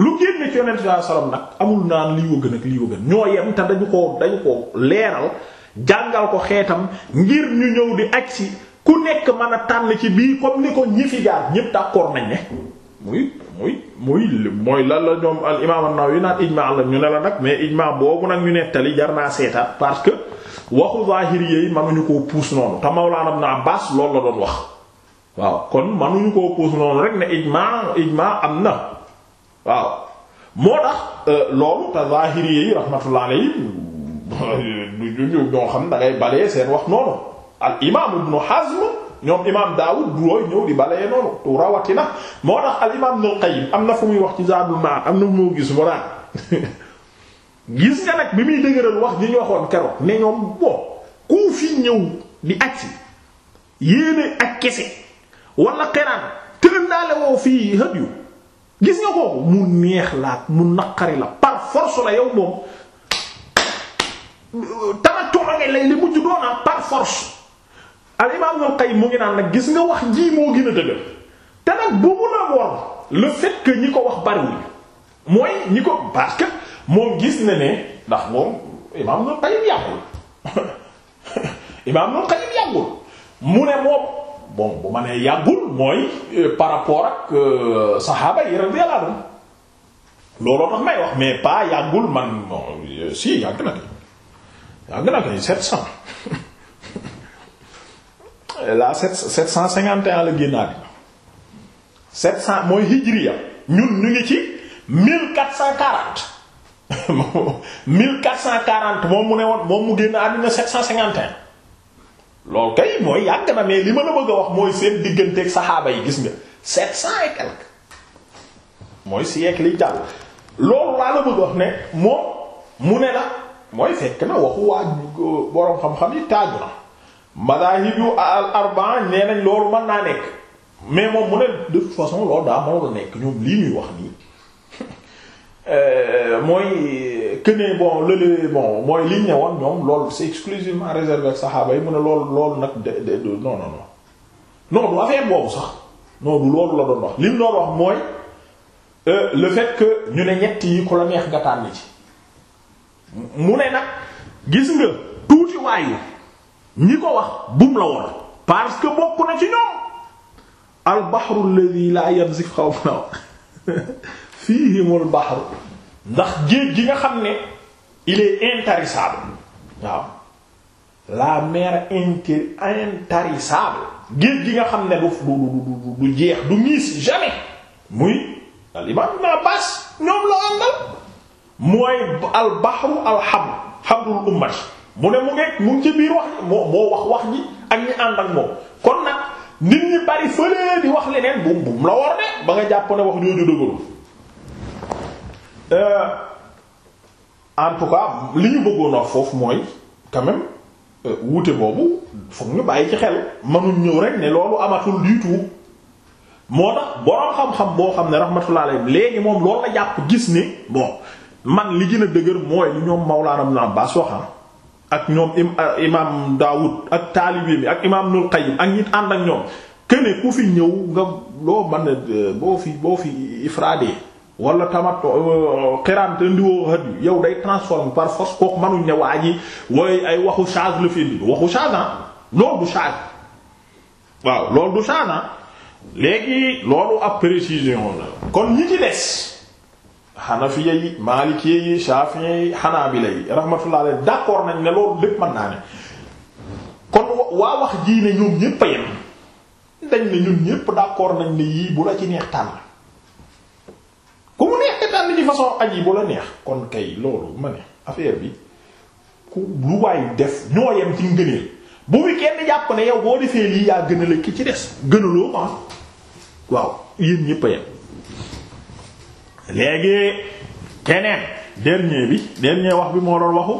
lu génne ci yonent bi sallallahu alayhi nag amul naan lii wëgg nag lii wëgg ñoo yem te dañu ko dañu ko leeral jàngal ko xeetam ngir ñu ñëw di aj si ku nekk mën a tànn ci bii comme ni ko ñi fi jaar ñépp d'accord nañ ne muy muy muy mooy lan la ñoom al imaam an-Nawawi naan ijmaa la ñu ne la nag mais ijmaa boobu nag ñu nettali jar naa seetaat parce que waxu zaahiri yi manuñu koo puus noonu te Mawlaana Abbaas loolu la doon wax waaw kon manuñu koo puus noonu rek ne ijmaa ijmaa am na waaw moo tax euh, loolu te zaahiri yi rahmatullah alayhi ñoo seen wax noonu imaam Ibn Hazm ñoom imaam Daawud durooy ñëw di balee noonu tu moo tax al imaam Ibn al am na fu muy wax ci Zaadul Ma'aad am na fu mu gis mu gis nga nag bi muy dëgëral wax ji ñu waxoon keroog ne ñoom boo ku ñëw di acc yéene ak kese wala xeraan tërëndaale woo fii hëb yu gis nga kooku mu neex la mu naqari la par force la yow moom tamattu nga lay li mujj doona par force al imam mu ngi naan nag gis nga wax ji moo gën a dëgër te nag bu mu la woon ñi ko wax bariwul mooy ñi ko parce que moom gis na ne ndax moom imaam Ibnul Qayyim yàggul imaam Ibnul Qayyim yàggul mu ne moom bon bu ma nee yàggul mooy euh, par rapport ak euh, saxaaba yi radiyallahu anhum looloo tax may wax mais pas yàggul man euh, si yàgg na kay yàgg na kay sept cent la sept sept cent cinquante et un la génnaat sept cent mooy hijriya ñun ñu ngi ci mille quatre cent quarante mille quatre cent quarante moom mu ne woon moom mu génn àddina sept cent cinquante et un loolu kay mooy yàgg na mais li ma a bëgg a wax mooy seen digganteeg saxaaba yi gis nga set cent et quelque mooy siècle yi jàll loolu laa la bëgg wax ne moom mu ne la mooy fekk na waxu waa boroom xam-xam yi taaju na madahib yu al arba'a nee nañ mën naa nekk mais moom mu ne de façon loolu daa mënul a nekk ñoom lii ñuy wax nii Euh, mooy kënee bon lële bon mooy liñ ne woon ñoom loolu c'est exclusivement réservé ak saxaaba yi mu ne loolu loolu nag de de non non non non du affaire sax non loolu la doon wax lim doon wax mooy euh, le fait que ñu ne ñett yi ku la neex nga tànn ci mu ne nag gis nga tuuti waayu ñi ko wax bum la woon parce que bokk na ci ñoom al bahru laa la si xaw ma fiihimul bahru ndax géej gi nga xam ne il est intarissable waaw la mer inter intarissable géej gi nga xam ne du du du jeex du miis jamais muy al imam ibn ñoom la àndal mooy al bahru al habr mu ne mu ngeeg mu ngi ci biir wax moo moo wax wax ji ak ñi ànd moom kon nag nit ñi bari fële di wax leneen bu bu la war de ba nga jàpp ne wax ñoo ju dëgëru Euh, en tout cas li ñu bëggoon wax foofu mooy tamit même euh, wuute boobu foog ñu bàyyi ci xel mënuñ ñëw rek ne loolu amatul du tout moo tax boroom xam-xam boo xam ne rahmatullah alayhi léegi moom loolu la jàpp gis ni bon man li gën a dëgër mooy li ñoom Mawlaana Ibn Abbaas waxam ah, ak ñoom imaam euh, Daawud ak taalibe bi ak imaam Ibnul Qayyim ak ñi ànd ak ñoom kene ku fi ñëw nga loo mën a boo fi boo fi ifraadee wala tamat euh, xiraan te ndiwoo haj yu yow day transforme par force kooku mënuñ ne waa ji ay waxu change la fi indi waxu change ah loolu du change waaw loolu du change ah loolu ab précision la kon ñi ci des xanafiya yi maalikiya yi shafiya yi xanaabila yi rahmatullah d'accord nañ ne loolu lépp mën naa ne kon waa wax jii ne ñoom ñépp a yem dañ ne ñun ñépp d'accord nañ ne yii bu la ci neex tànn ànd ci façon aj neex kon kay loolu ma ne affaire bi ku lu waay def ñoo yem ci ngëneel bu bi kenn jàpp ne yow boo defee lii yaa gën a la ki ci des gënaloo ma ah. waaw yéen ñépp a yem léegi keneen dernier bi dernier wax bi moo doon waxu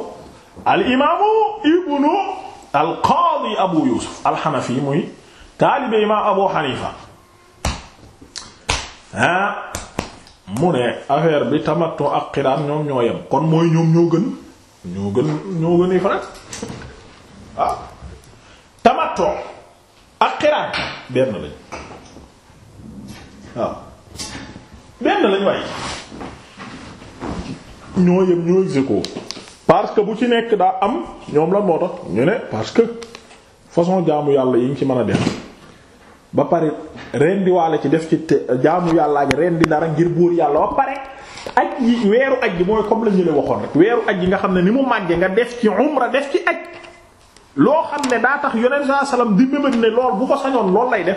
al ibnu al abu yusuf al muy taalibe imaam abu xanifa ah mu ne affaire bi tamattu ak xiraan ñoom ñoo yem kon mooy ñoom ñoo gën ñoo gën ñoo gën ifraat ah. ak xiraan benn lañ waaw ah. benn lañ waaye ñoo yem ñoo exéco parce que bu ci nekk daa am ñoom la moo tax ñu ne parce que façon jaamu yàlla yi ngi ci mën a def ba pare rendi waale ci def ci jaamu yàllaa ji rendi dara ngir buur yàlla ba pare aj yi weeru aj ji mooy comme la ñu waxoon rek weeru aj yi nga xam ne ni mu màggee nga def ci umra def ci aj loo xam ne daa tax yonent salaam di mébét ne lool bu ko sañoon loolu lay def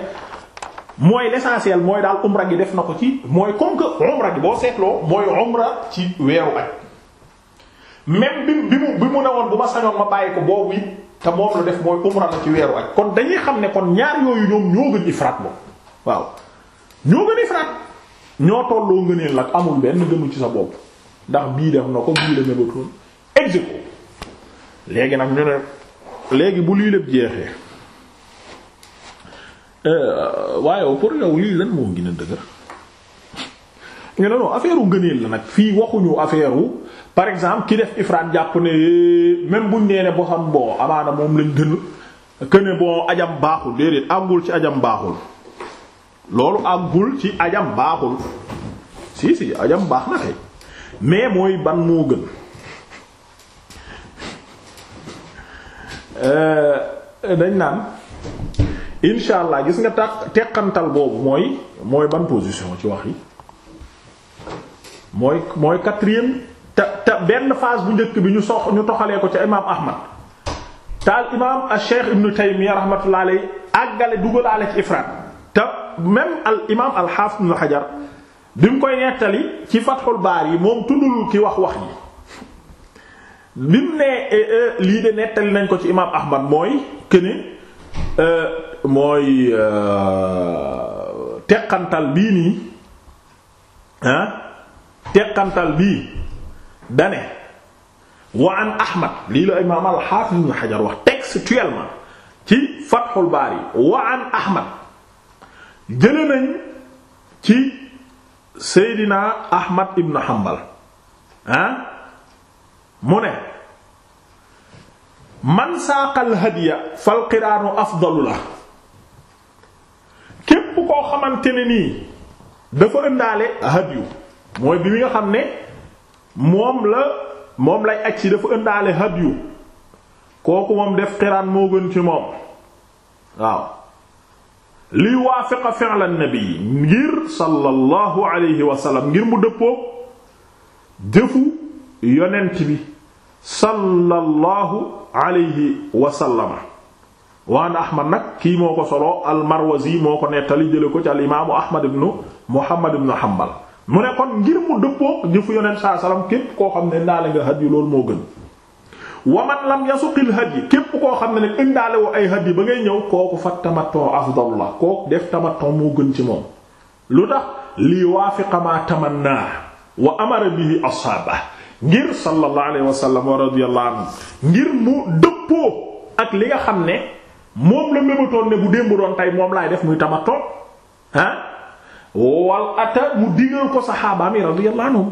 mooy l'essentiel mooy daal umra gi def na ko ci mooy comme que umra gi boo seetloo mooy umra ci weeru aj même bi bi mu bi mu ne woon bu ma sañoon ma bàyyi ko boobu it te moom la def mooy umra ci weeru ak kon dañuy xam ne kon ñaar yooyu ñoom ñoo gën ifraat moom waaw ñoo gën ifraat ñoo tolloo ngëneel nag amul benn gënu ci sa bopp ndax bii def na ko bii la mébatoon exéco léegi nag ñu ne léegi bu lii lépp jeexee euh, waaye pour yow lii lan moo gën a dëgër ñu ne non affaire u ngëneel la nag fii waxuñu affaire u par exemple ki def ifraat jàpp ne même buñ nee ne boo xam boo amaana moom lañ gën que ne boo ajam baaxul déedéet àggul ci ajam baaxul loolu àggul ci ajam baaxul si si ajam baax na kay mais mooy ban moo gën euh, dañ naan insha allah gis nga tax teqantal boobu mooy mooy ban position ci wax yi mooy mooy quatrième te te benn phase bu njëkk bi ñu sox ñu toxalee ko ca imaam Ahmad taal imaam al Cheikh Ibn Taymiyya rahmatullahi alayhi dugalaale ci ifraat te même al imaam al Hafiz Ibn bi mu koy nettali ci Fathul Baari yi moom tuddul ki wax wax yi bi mu ne eh, eh, lii de nettali nañ ko ci imaam Ahmad mooy këne eh, mooy teqantal bii nii ah, teqantal bii. dane wa an ahmad lii la imaam al-Hafiz Ibn Hajar wax textuellement ci Fathul Bari wa an ahmad jële nañ ci Seydina Ahmad Ibn Hanbal ah mu ne man saaqal hadiya fal qiraanu afdalu la képp koo xamante nii dafa ëndaale hadiyu mooy bi nga xam ne moom la moom lay aj si dafa ëndaale hadyu kooku moom def xiraan moo gën ci moom waaw li waafiqa fi'la nabi ngir sallallahu alayhi wa ngir mu dëppoo jëfu yonent bi sallallahu alayhi wa sallama waan ahmad nag kii moo ko solo al marwazi moo ko nettali jële ko ci al imaamu ahmad ibnu muhammad ibnu hanbal mu ne kon ngir mu dëppook jëfu yonent saa salaam képp koo xam ne indaale nga haj yi loolu moo gën waman lam yasuqil haj yi képp koo xam ne ne indaale woo ay haj ba ngay ñëw kooku fa tamaton afdal la kooku def tamaton moo gën ci moom lu tax lii waafiqa ma tamanna wa amara bihi ashaaba ngir sallallahu alayhi ngir mu dëppoo ak li nga xam ne moom la mébatoon ne bu démb doon tey moom laay def muy tamatoo ah wal ata mu digal ko saxaabaam yi radiyallahu anhum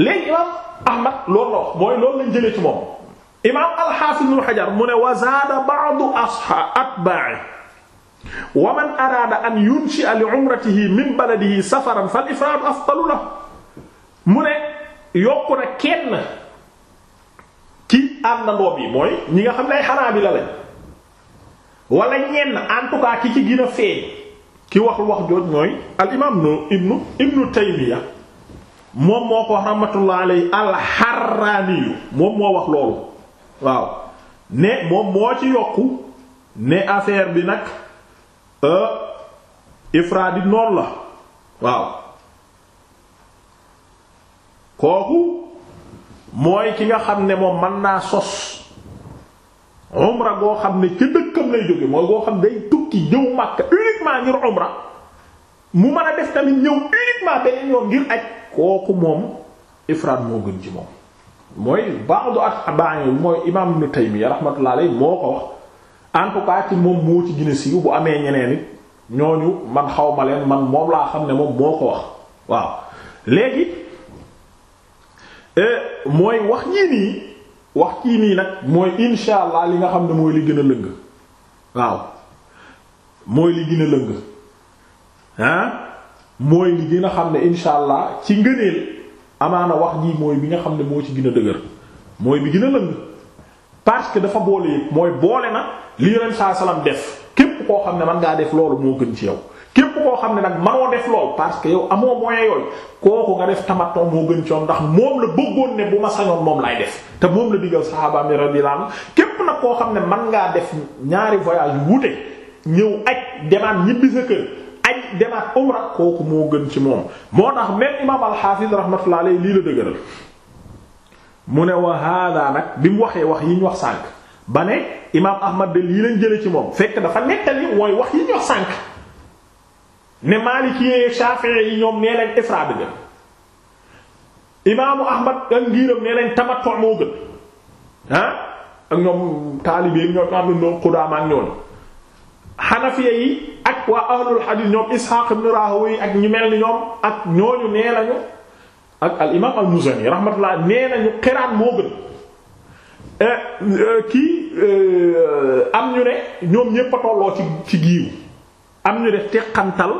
léegi imaam Ahmad loolu la mooy loolu lañ jëlee ci moom imaam al-Hafiz mu ne wa zaada ba'du asha atba'i wa man araada an yunshi'a li umratihi min baladihi safaran fal ifraad na kenn ki àndandoo bi mooy ñi nga xam ne ay Hanaabila lañ wala ñenn en tout cas ki ci gën a feeñ ki wax wax jooj mooy al nu ibnu ibnu taymiya moom moo ko wax rahmatullah alayhi alxaraaniyu moom moo wax loolu waaw ne moom moo ci yokku ne affaire bi nag euh, ifraadi noonu la waaw kooku mooy ki nga xam ne moom mën naa sos umra goo xam ne ca dëkkam lay jóge mooy goo xam day tukki ñëw Makka uniquement ngir umra mu mën a def tamit ñëw uniquement beneen yoon ngir aj kooku moom ifraad moo gën ci moom mooy ba'du atbaa'i mooy imaam Ibnu Taymiyya rahmatullahi moo ko wax en tout cas ci moom moo ci gën bu amee ñeneen it ñooñu man xaw ma leen man moom laa xam ne moom moo ko wax waaw léegi euh, mooy wax ñii nii wax kii nii nag mooy insha allah li nga xam ne mooy li gën a lëng waaw mooy li gën a lëng ah mooy li gën a xam ne insha allah ci ngëneel amaana wax gi mooy bi nga xam ne moo ci gën a dëgër mooy bi gën a lëng parce que dafa boole yëpp mooy boole na li yonent saa salaam def képp koo xam ne man ngaa def loolu moo gën ci yow koo xam ne nag manoo def lool parce que yow amoo moyen yooyu kooku nga def tamaton moo gën coom ndax moom la bëggoon ne bu ma sañoon moom lay def te moom la digal saxaaba mi radiyallahu anhu képp nag koo xam ne man ngaa def ñaari voyage yu wuute ñëw aj demaat ñibbi sa kër aj demaat umra kooku moo gën ci moom moo tax même imam al-Hafiz rahmatullahi alayhi lii la dëgëral mu ne wa nag bi mu waxee wax yi ñu wax sànk ba ne imam ahmad de lii lañ jële ci moom fekk dafa nettali mooy wax yi ne Maliki yeeg Shafi'i yi ñoom nee nañ ifraad gën imaamu Ahmad ak ngiiram nee nañ tamattu moo gën ah? ak ñoom taalibe ñoom am na ñoom ak ñoom Hanafiya yi ak waa ahlul hadith ñoom Ishaq ibn Rahowi ak ñu mel ni ñoom ak ñooñu nee nañu ak al imaam al rahmatullah nee nañu xiraan moo gën. Eh, eh, kii eh, am ñu ne ñoom ñépp tolloo ci ci am ñu def teqantal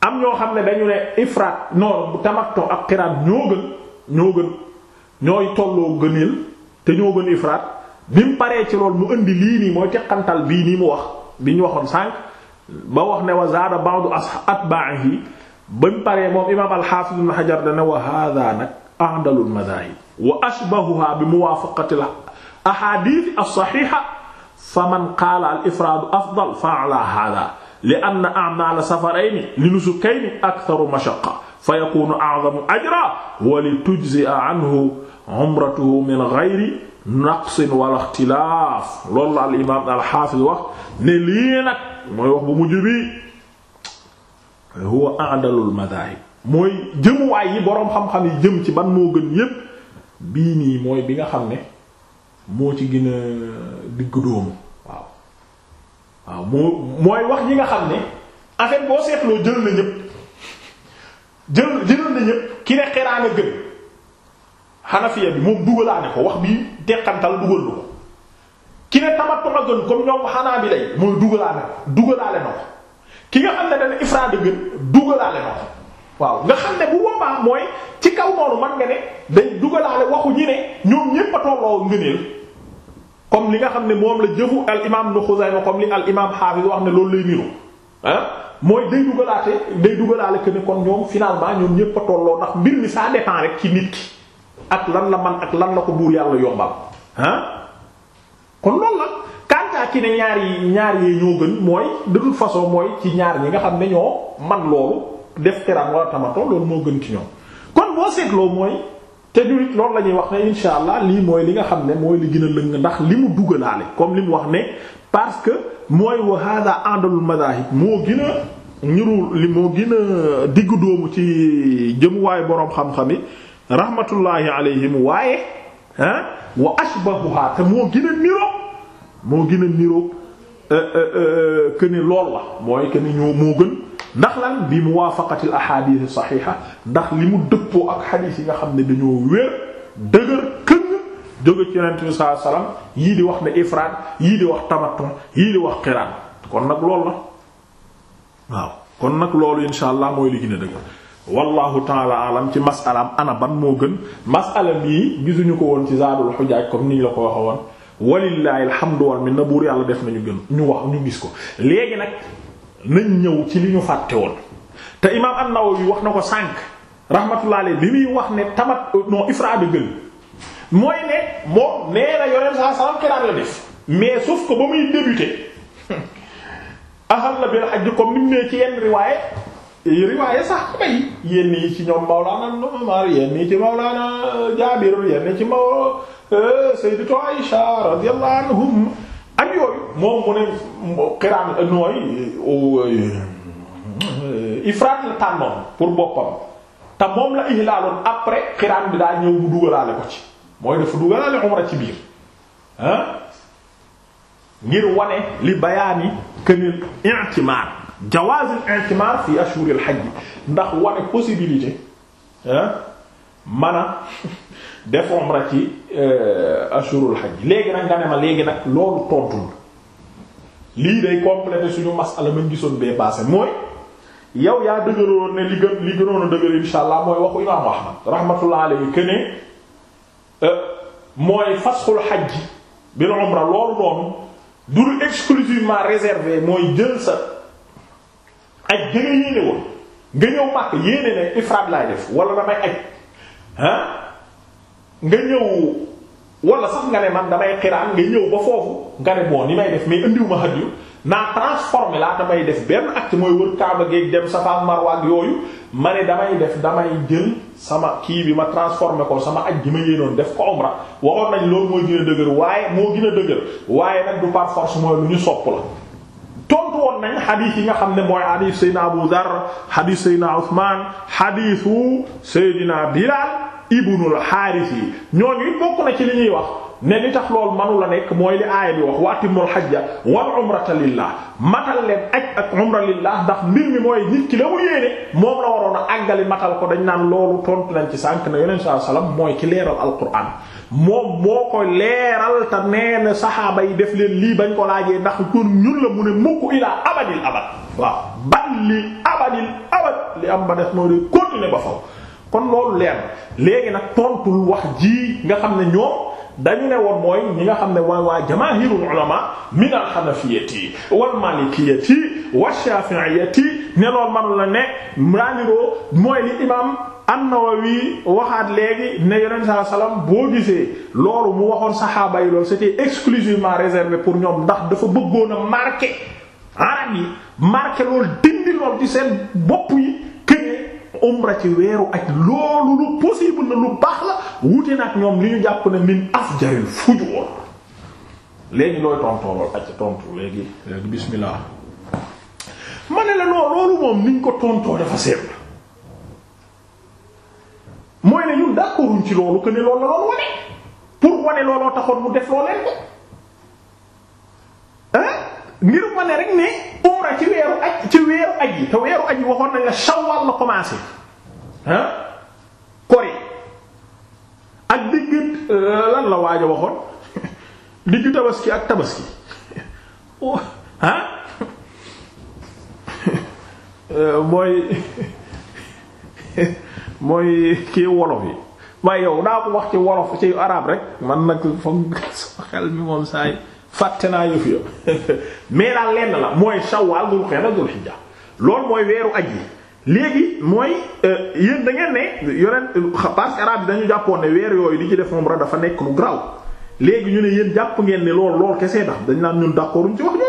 am ñoo xam ne dañu ne ifraat non tamattu ak xiraat ñoo gën ñoo gën ñooy tolloo gëneel te ñoo gën ifraat bi mu paree ci lool mu indi lii nii mooy teqantal bii nii mu wax bi ñu waxoon sànq ba wax ne wa zaada ba'du atba'ihi ba mu paree moom imaam al-Hafiz ibn Hajar dana wa hadha nag a'dalul wa ashbahuha bi muwaafaqati al ahadith fa man qaala al ifraadu afdal fa ala hada li anna a'maala safarayni li nusukayni aktharu mashaqqa fa yakunu a'zamu ajra wa li tujzi'a anhu umratuhu min ghayri naqsin wala ikhtilaaf loolu la al imaam al haafiz wax ne lii nag mooy wax bu mujj bi huwa a'dalul madaahib mooy jëmuwaay yi boroom xam-xam yi jëm ci ban moo gën yépp bii nii mooy bi nga xam ne. moo ci gën a digg dóomu waaw waaw moo mooy wax yi nga xam ne en boo seetloo jël na ñépp jël jëlal na ñépp ki ne xiraan a gën xanafiya bi moom dugalaane ko wax bii teqantal dugal ko ki ne tamattu a gën comme ñoom xanaa bi lay mooy dugalaane ko dugalaale na ko ki nga xam ne dana ifraad a gën dugalaale na ko waaw nga xam ne bu boobaa mooy ci kaw noonu man nga ne dañ dugalaale waxu ñi ne ñoom ñépp a tolloo ngëneel comme li nga xam ne moom la jëfu al imaam nu Xuzayma comme li al imaam Hafiz wax ne loolu lay niru ah mooy day dugalaate day dugalaale que ne kon ñoom finalement ñoom ñépp a tolloo ndax mbir mi ça dépend rek ci nit ki ak lan la man ak lan la ko buur yàlla yombal ah kon loolu la kantaa ki ne ñaar yi ñaar yee ñoo gën mooy de façon mooy ci ñaar ñi nga xam ne ñoo man loolu def teraanga wala tamatoo loolu moo gën ci ñoom kon boo seetloo mooy te ñu it loolu la ñuy wax ne insha allah lii mooy li nga xam ne mooy li gën a lëng ndax li mu dugalaale comme li mu wax ne parce que mooy wa hada andalul madahib moo gën moo gën a diggu ci jëmuwaay boroom xam yi rahmatullahi alayhim waaye ah wa ashbahuha te moo gën a niroog moo eh, eh, eh, lool la mooy que ni moo gën ndax lan bi muwaafaqatil ahadith saxiixa ndax li mu dëppoo ak xadiis yi nga xam ne dañoo wér dëgër këng jóge ci yonent bi sallallahu yii di wax ne ifraad yii di wax tamattu yii di wax qiraan kon nag loolu la waaw kon nag loolu insha allah mooy li gën a dëgër wallahu taala alam ci masalaam ana ban moo gën masala yii gisuñu ko woon ci zaadul xujaaj comme ni la ko waxe woon walillahi alhamdu wal minna buur yàlla def nañu gën ñu wax ñu gis ko léegi nag nañ ñëw ci li ñu fàtte woon te imaam an-Nawawi wax na ko sànq rahmatullah alayhi li muy wax ne tamat euh, non ifraad gën mooy ne moom nee na yoneen saa salaam xiraat la def mais sauf que ba muy débuter ahalla bil hajj comme nim nee ci yenn riwaaye riwaaye sax bay yenn yi ci ñoom Mawlana Umar yenn yi ci Mawlana Jaabir yenn ci Maw euh, Sayyidatu Aisha radiyallahu anhum ak yooyu moom mu ne xiraan euh, nooy euh, ifraat la tànnoon pour boppam te moom la ihlaaloon après xiraan bi daa ñëw mu dugalaale ko ci mooy dafa dugalaale umra ci biir ah ngir wane li bayaani kënil i'timar jawaazul i'timar fi ashhuril hajj ndax wane possibilité mana def umra ci euh, ashurul hajj léegi nag nga ne ma léegi nag loolu tontul lii day compléter suñu masala mañ gisoon bee passé mooy yow yaa dëgëroon ne li gën li gënoon a dëgër insha allah mooy waxu imaamu ahmad rahmatullah alayhi que euh, mooy fasxul xaj bil umra loolu noonu du lu exclusivement réservé mooy jël sa aj danga yéene woon nga ñëw màkk yéene ne ifraad laay def wala damay aj ah nga ñëw wala sax nga ne man damay xiraan nga ñëw ba foofu nga ne bon ni may def ma indiwuma hadiyu naa transformé laa may def benn acte mooy wër Kaaba gee dem Safa Marwa ak yooyu ma ne damay def damay jël sama kii bi ma transformé ko sama aj gi ma yéenoon def ko umra waxoon nañ loolu mooy gën dëgër waaye moo gën dëgër waaye nag du par force mooy lu ñu sopp la tontu woon nañ xadiis yi nga xam ne mooy xadiis Seydina Abu Dar xadiis Seydina Usmaan xadiisu ibnul Haaris yi ñooñu it bokk na ci li ñuy wax ne li tax loolu manu la nekk mooy li aaya bi wax wa la hajja wal umrata lillah matal leen aj ak umra lillah ndax mbir mi mooy nit ki la mu yéene moom la waroon a àggali matal ko dañ naan loolu tontu nañ ci sànk na yonent sallallahu alayhi wasallam mooy ki leeral alquran moom moo ko leeral te nee na saxaaba yi def leen lii bañ ko laajee ndax kon ñun la mu ne mukk ilaa abadil abad waaw ban li abad li am ba def mooy de kon loolu leer léegi nag tontul wax ji nga xam ne ñoom dañu ne woon mooy ñi nga xam ne jamaa waa jamaahirul ulama min al hanafiyyati wal malikiyati wa shafi'iyati ne loolu manu la ne maaniroo mooy li imam an wi waxaat léegi ne yonent saa salaam boo gisee loolu mu waxoon saxaaba yi loolu c'était exclusivement réservé pour ñoom ndax dafa bëggoon a marqué arab yi marqué loolu dindi loolu ci seen bopp yi këne umra ci weeru aj loolu lu possible na lu baax la wuute nag ñoom li ñu jàpp ne min afjaril fujur léegi looy tontoo lool aj tontu léegi léegi bismillah ma ne la non loolu moom niñ ko tontoo dafa seet mooy ne ñun d'accorduñ ci loolu que ne loolu la doon wane pour wane looloo taxoon mu def loo leen ko ah ngir wane rek ne. umra ci weeru aj ci weeru aj yi te weeru aj yi waxoon na la shawwal la commencé ah kori ak digg euh, lan la waaj a waxoon digg tabaski ak tabaski ah mooy mooy kii wolof yi waaye yow daa ko wax ci wolof ci araab rek man nag foog xel mi moom saa yi fàtte naa yëf ya mais daal lenn la mooy shawwal dul xeeda dul xijja lool mooy weeru aj yi léegi mooy euh, yéen da ngeen ne yoneen parce que arabe yi dañu jàppoon ne weer yooyu di ci def umra dafa nekk lu graw léegi ñu ne yéen jàpp ngeen ne lool lool kese tax dañ naan ñun d'accord ñu ci wax jooju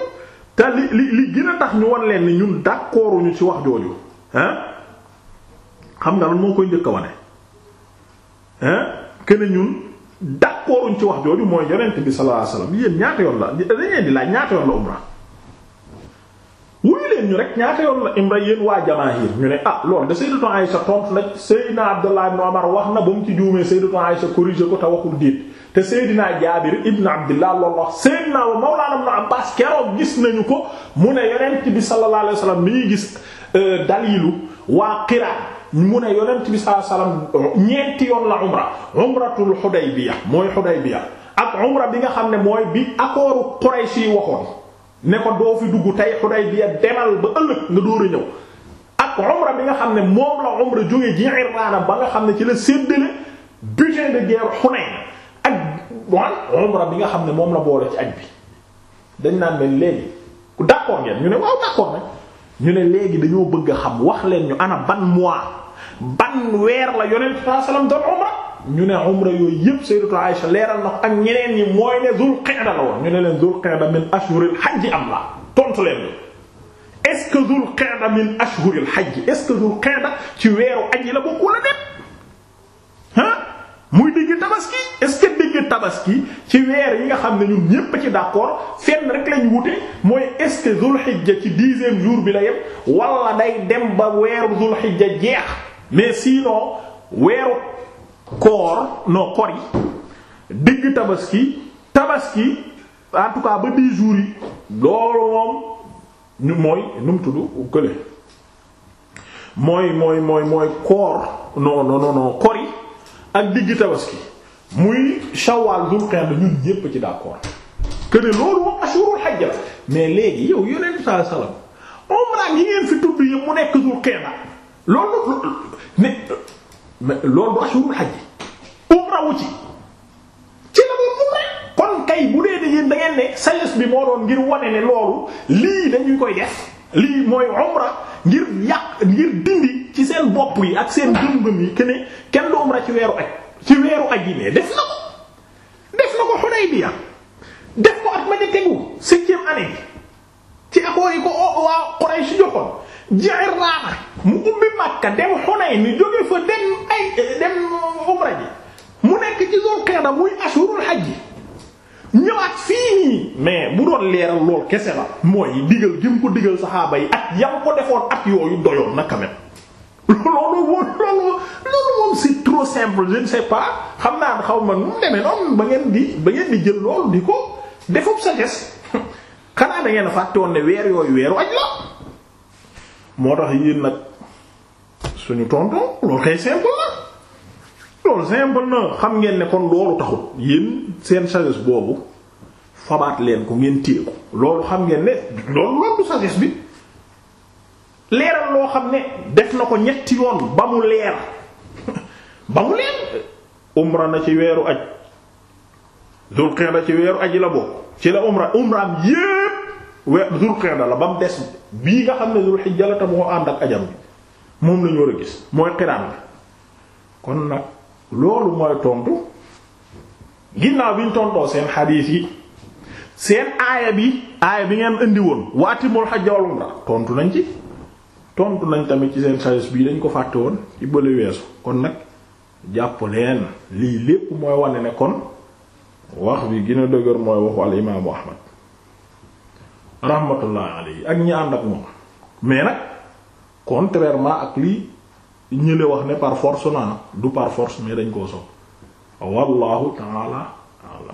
te li li gën a tax ñu wan leen ni ñun d'accord ñu ci wax jooju ah xam nga lan moo koy njëkk a wane ah kene ñun. d'accord uñ ci wax jooju mooy yonent bi sallallahu alayhi wasallam yéen ñaata yoon la dañeen di laaj ñaata yoon la umra wuyu leen ñu rek ñaata yoon la umra yéen waa jamaahir ñu ne ah lool da sayyidatu Aisha tontu nag sayyidina Abdullah ibn wax na ba mu ci juumee sayyidatu Aisha corrigé ko te waxul déet te sayyidina Jaabir ibn Abdullah loolu wax sayyidina wa mawlana ibn Abbas keroog gis nañu ko mu ne yonent bi sallallahu alayhi wasallam mi ñuy gis euh, dalilu waa Qiraan mu ne yonent bi saa salaam ñeenti yoon la umra umratul Hudaybiya mooy Hudaybiya ak umra bi nga xam ne mooy bi accordu Quraysh yi waxoon ne ko doo dugg tey Hudaybiya demal ba ëllëg nga door a ñëw. ak umra bi nga xam ne moom la umra jóge Ji'irraana ba nga xam ne ci la séddale butin de guerre Hunayn ak waaw umra bi nga xam ne moom la boole ci aj bi dañ naan ne léegi d'accord ngeen ñu ne waaw d'accord nag ñu ne léegi dañoo bëgg a xam wax leen ñu ana ban mois. ban weer la yonent bi sallallahu alayhi wasallam doon umra ñu ne umra yooyu yëpp sayyidatu Aisha leeral na ko ak ñeneen ñi mooy ne Zul Qa'da la woon ñu ne leen Zul Qa'da min ashhuril hajj am la tontu leen est-ce que Zul Qa'da min ashhuril hajj est-ce que bu Qa'da ci weeru aji la bokku la dem ah muy digg tabaski est-ce ci weer yi nga xam ne ñun ñépp ci d'accord fen rek lañ wute mooy est-ce que Zul Hijja ci dixième jour bi la yem wala day dem ba weeru Zul Hijja jeex. mais sinon weeru koor non kor yi digg tabaski tabaski en tout cas ba 10 jours yi loolu moom ñu mooy nu mu tudd kële mooy mooy mooy koor non non non non ak digg tabaski muy shawwal dul qa'da ñun ñépp ci d'accord que ne loolu moom ashurul hajj la mais léegi yow yonent bi sallallahu alayhi wasallam ngeen fi tudd yi mu nekk dul qa'da loolu mais loolu du ashurul hajj umra wu ci ci la doon umra kon kay bu dee ne yéen da ngeen ne sayes bi moo doon ngir wane ne loolu lii dañuy koy def lii mooy umra ngir yàq ngir dindi ci seen bopp yi ak seen gëm-gëm yi que kenn du umra ci weeru aj ci weeru aj yi mais def na ko def na ko Hudaybiya def ko at ma ne tegu septième année bi impôts yi ko oh, waa Quraysh joxoon Ji'irraana mu ubbi Makka dem Hunayn ni jóge fa dem ay dem umra ji mu nekk ci zone Qada muy ashurul hajj ñëwaat fii nii mais bu doon leeral lool kese ba mooy digal gi mu ko digal saxaaba yi ak yam ko defoon ak yooyu doyoon na quand loolu moom loolu trop simple je ne pas xam naa xaw ma nu mu demee noonu ba ngeen di ba ngeen di jël loolu di ko defub sagesse xanaa da ngeen fàtte woon ne weer yooyu weeru aj la moo tax yéen nag suñu tonton loolu kay simple na loolu simple na xam ngeen ne ko loolu taxul yéen seen sagesse boobu fabaat leen ko ngeen téye loolu xam ngeen ne loolu loolu sagesse bi leeral loo xam ne def na ko ñetti yoon ba mu leer ba mu leer umra na ci weeru aj dul xeeda ci weeru aji la bokk ci la umra umraam yépp weer dul la ba mu des bii nga xam ne dul xijja la te moo ànd ajam moom lañu war a gis mooy xiraan la kon nag loolu mooy tontu ginnaaw bi ñu tontoo seen xadiis yi seen aaya bi aaya bi ngeen indi woon waatimul xajja wal umra tontu nañ ci tontu nañ tamit ci seen xadiis bii dañ ko fàtte woon ci bële weesu kon nag jàpp leen lii lépp mooy wane ne kon wax bi gën a dëgër mooy waxu al imaamu ahmad rahmatullah alayhi ak ñi ànd ak moom mais nag contrairement ak li ñële wax ne par force naa du par force mais dañ koo sopp wallahu taala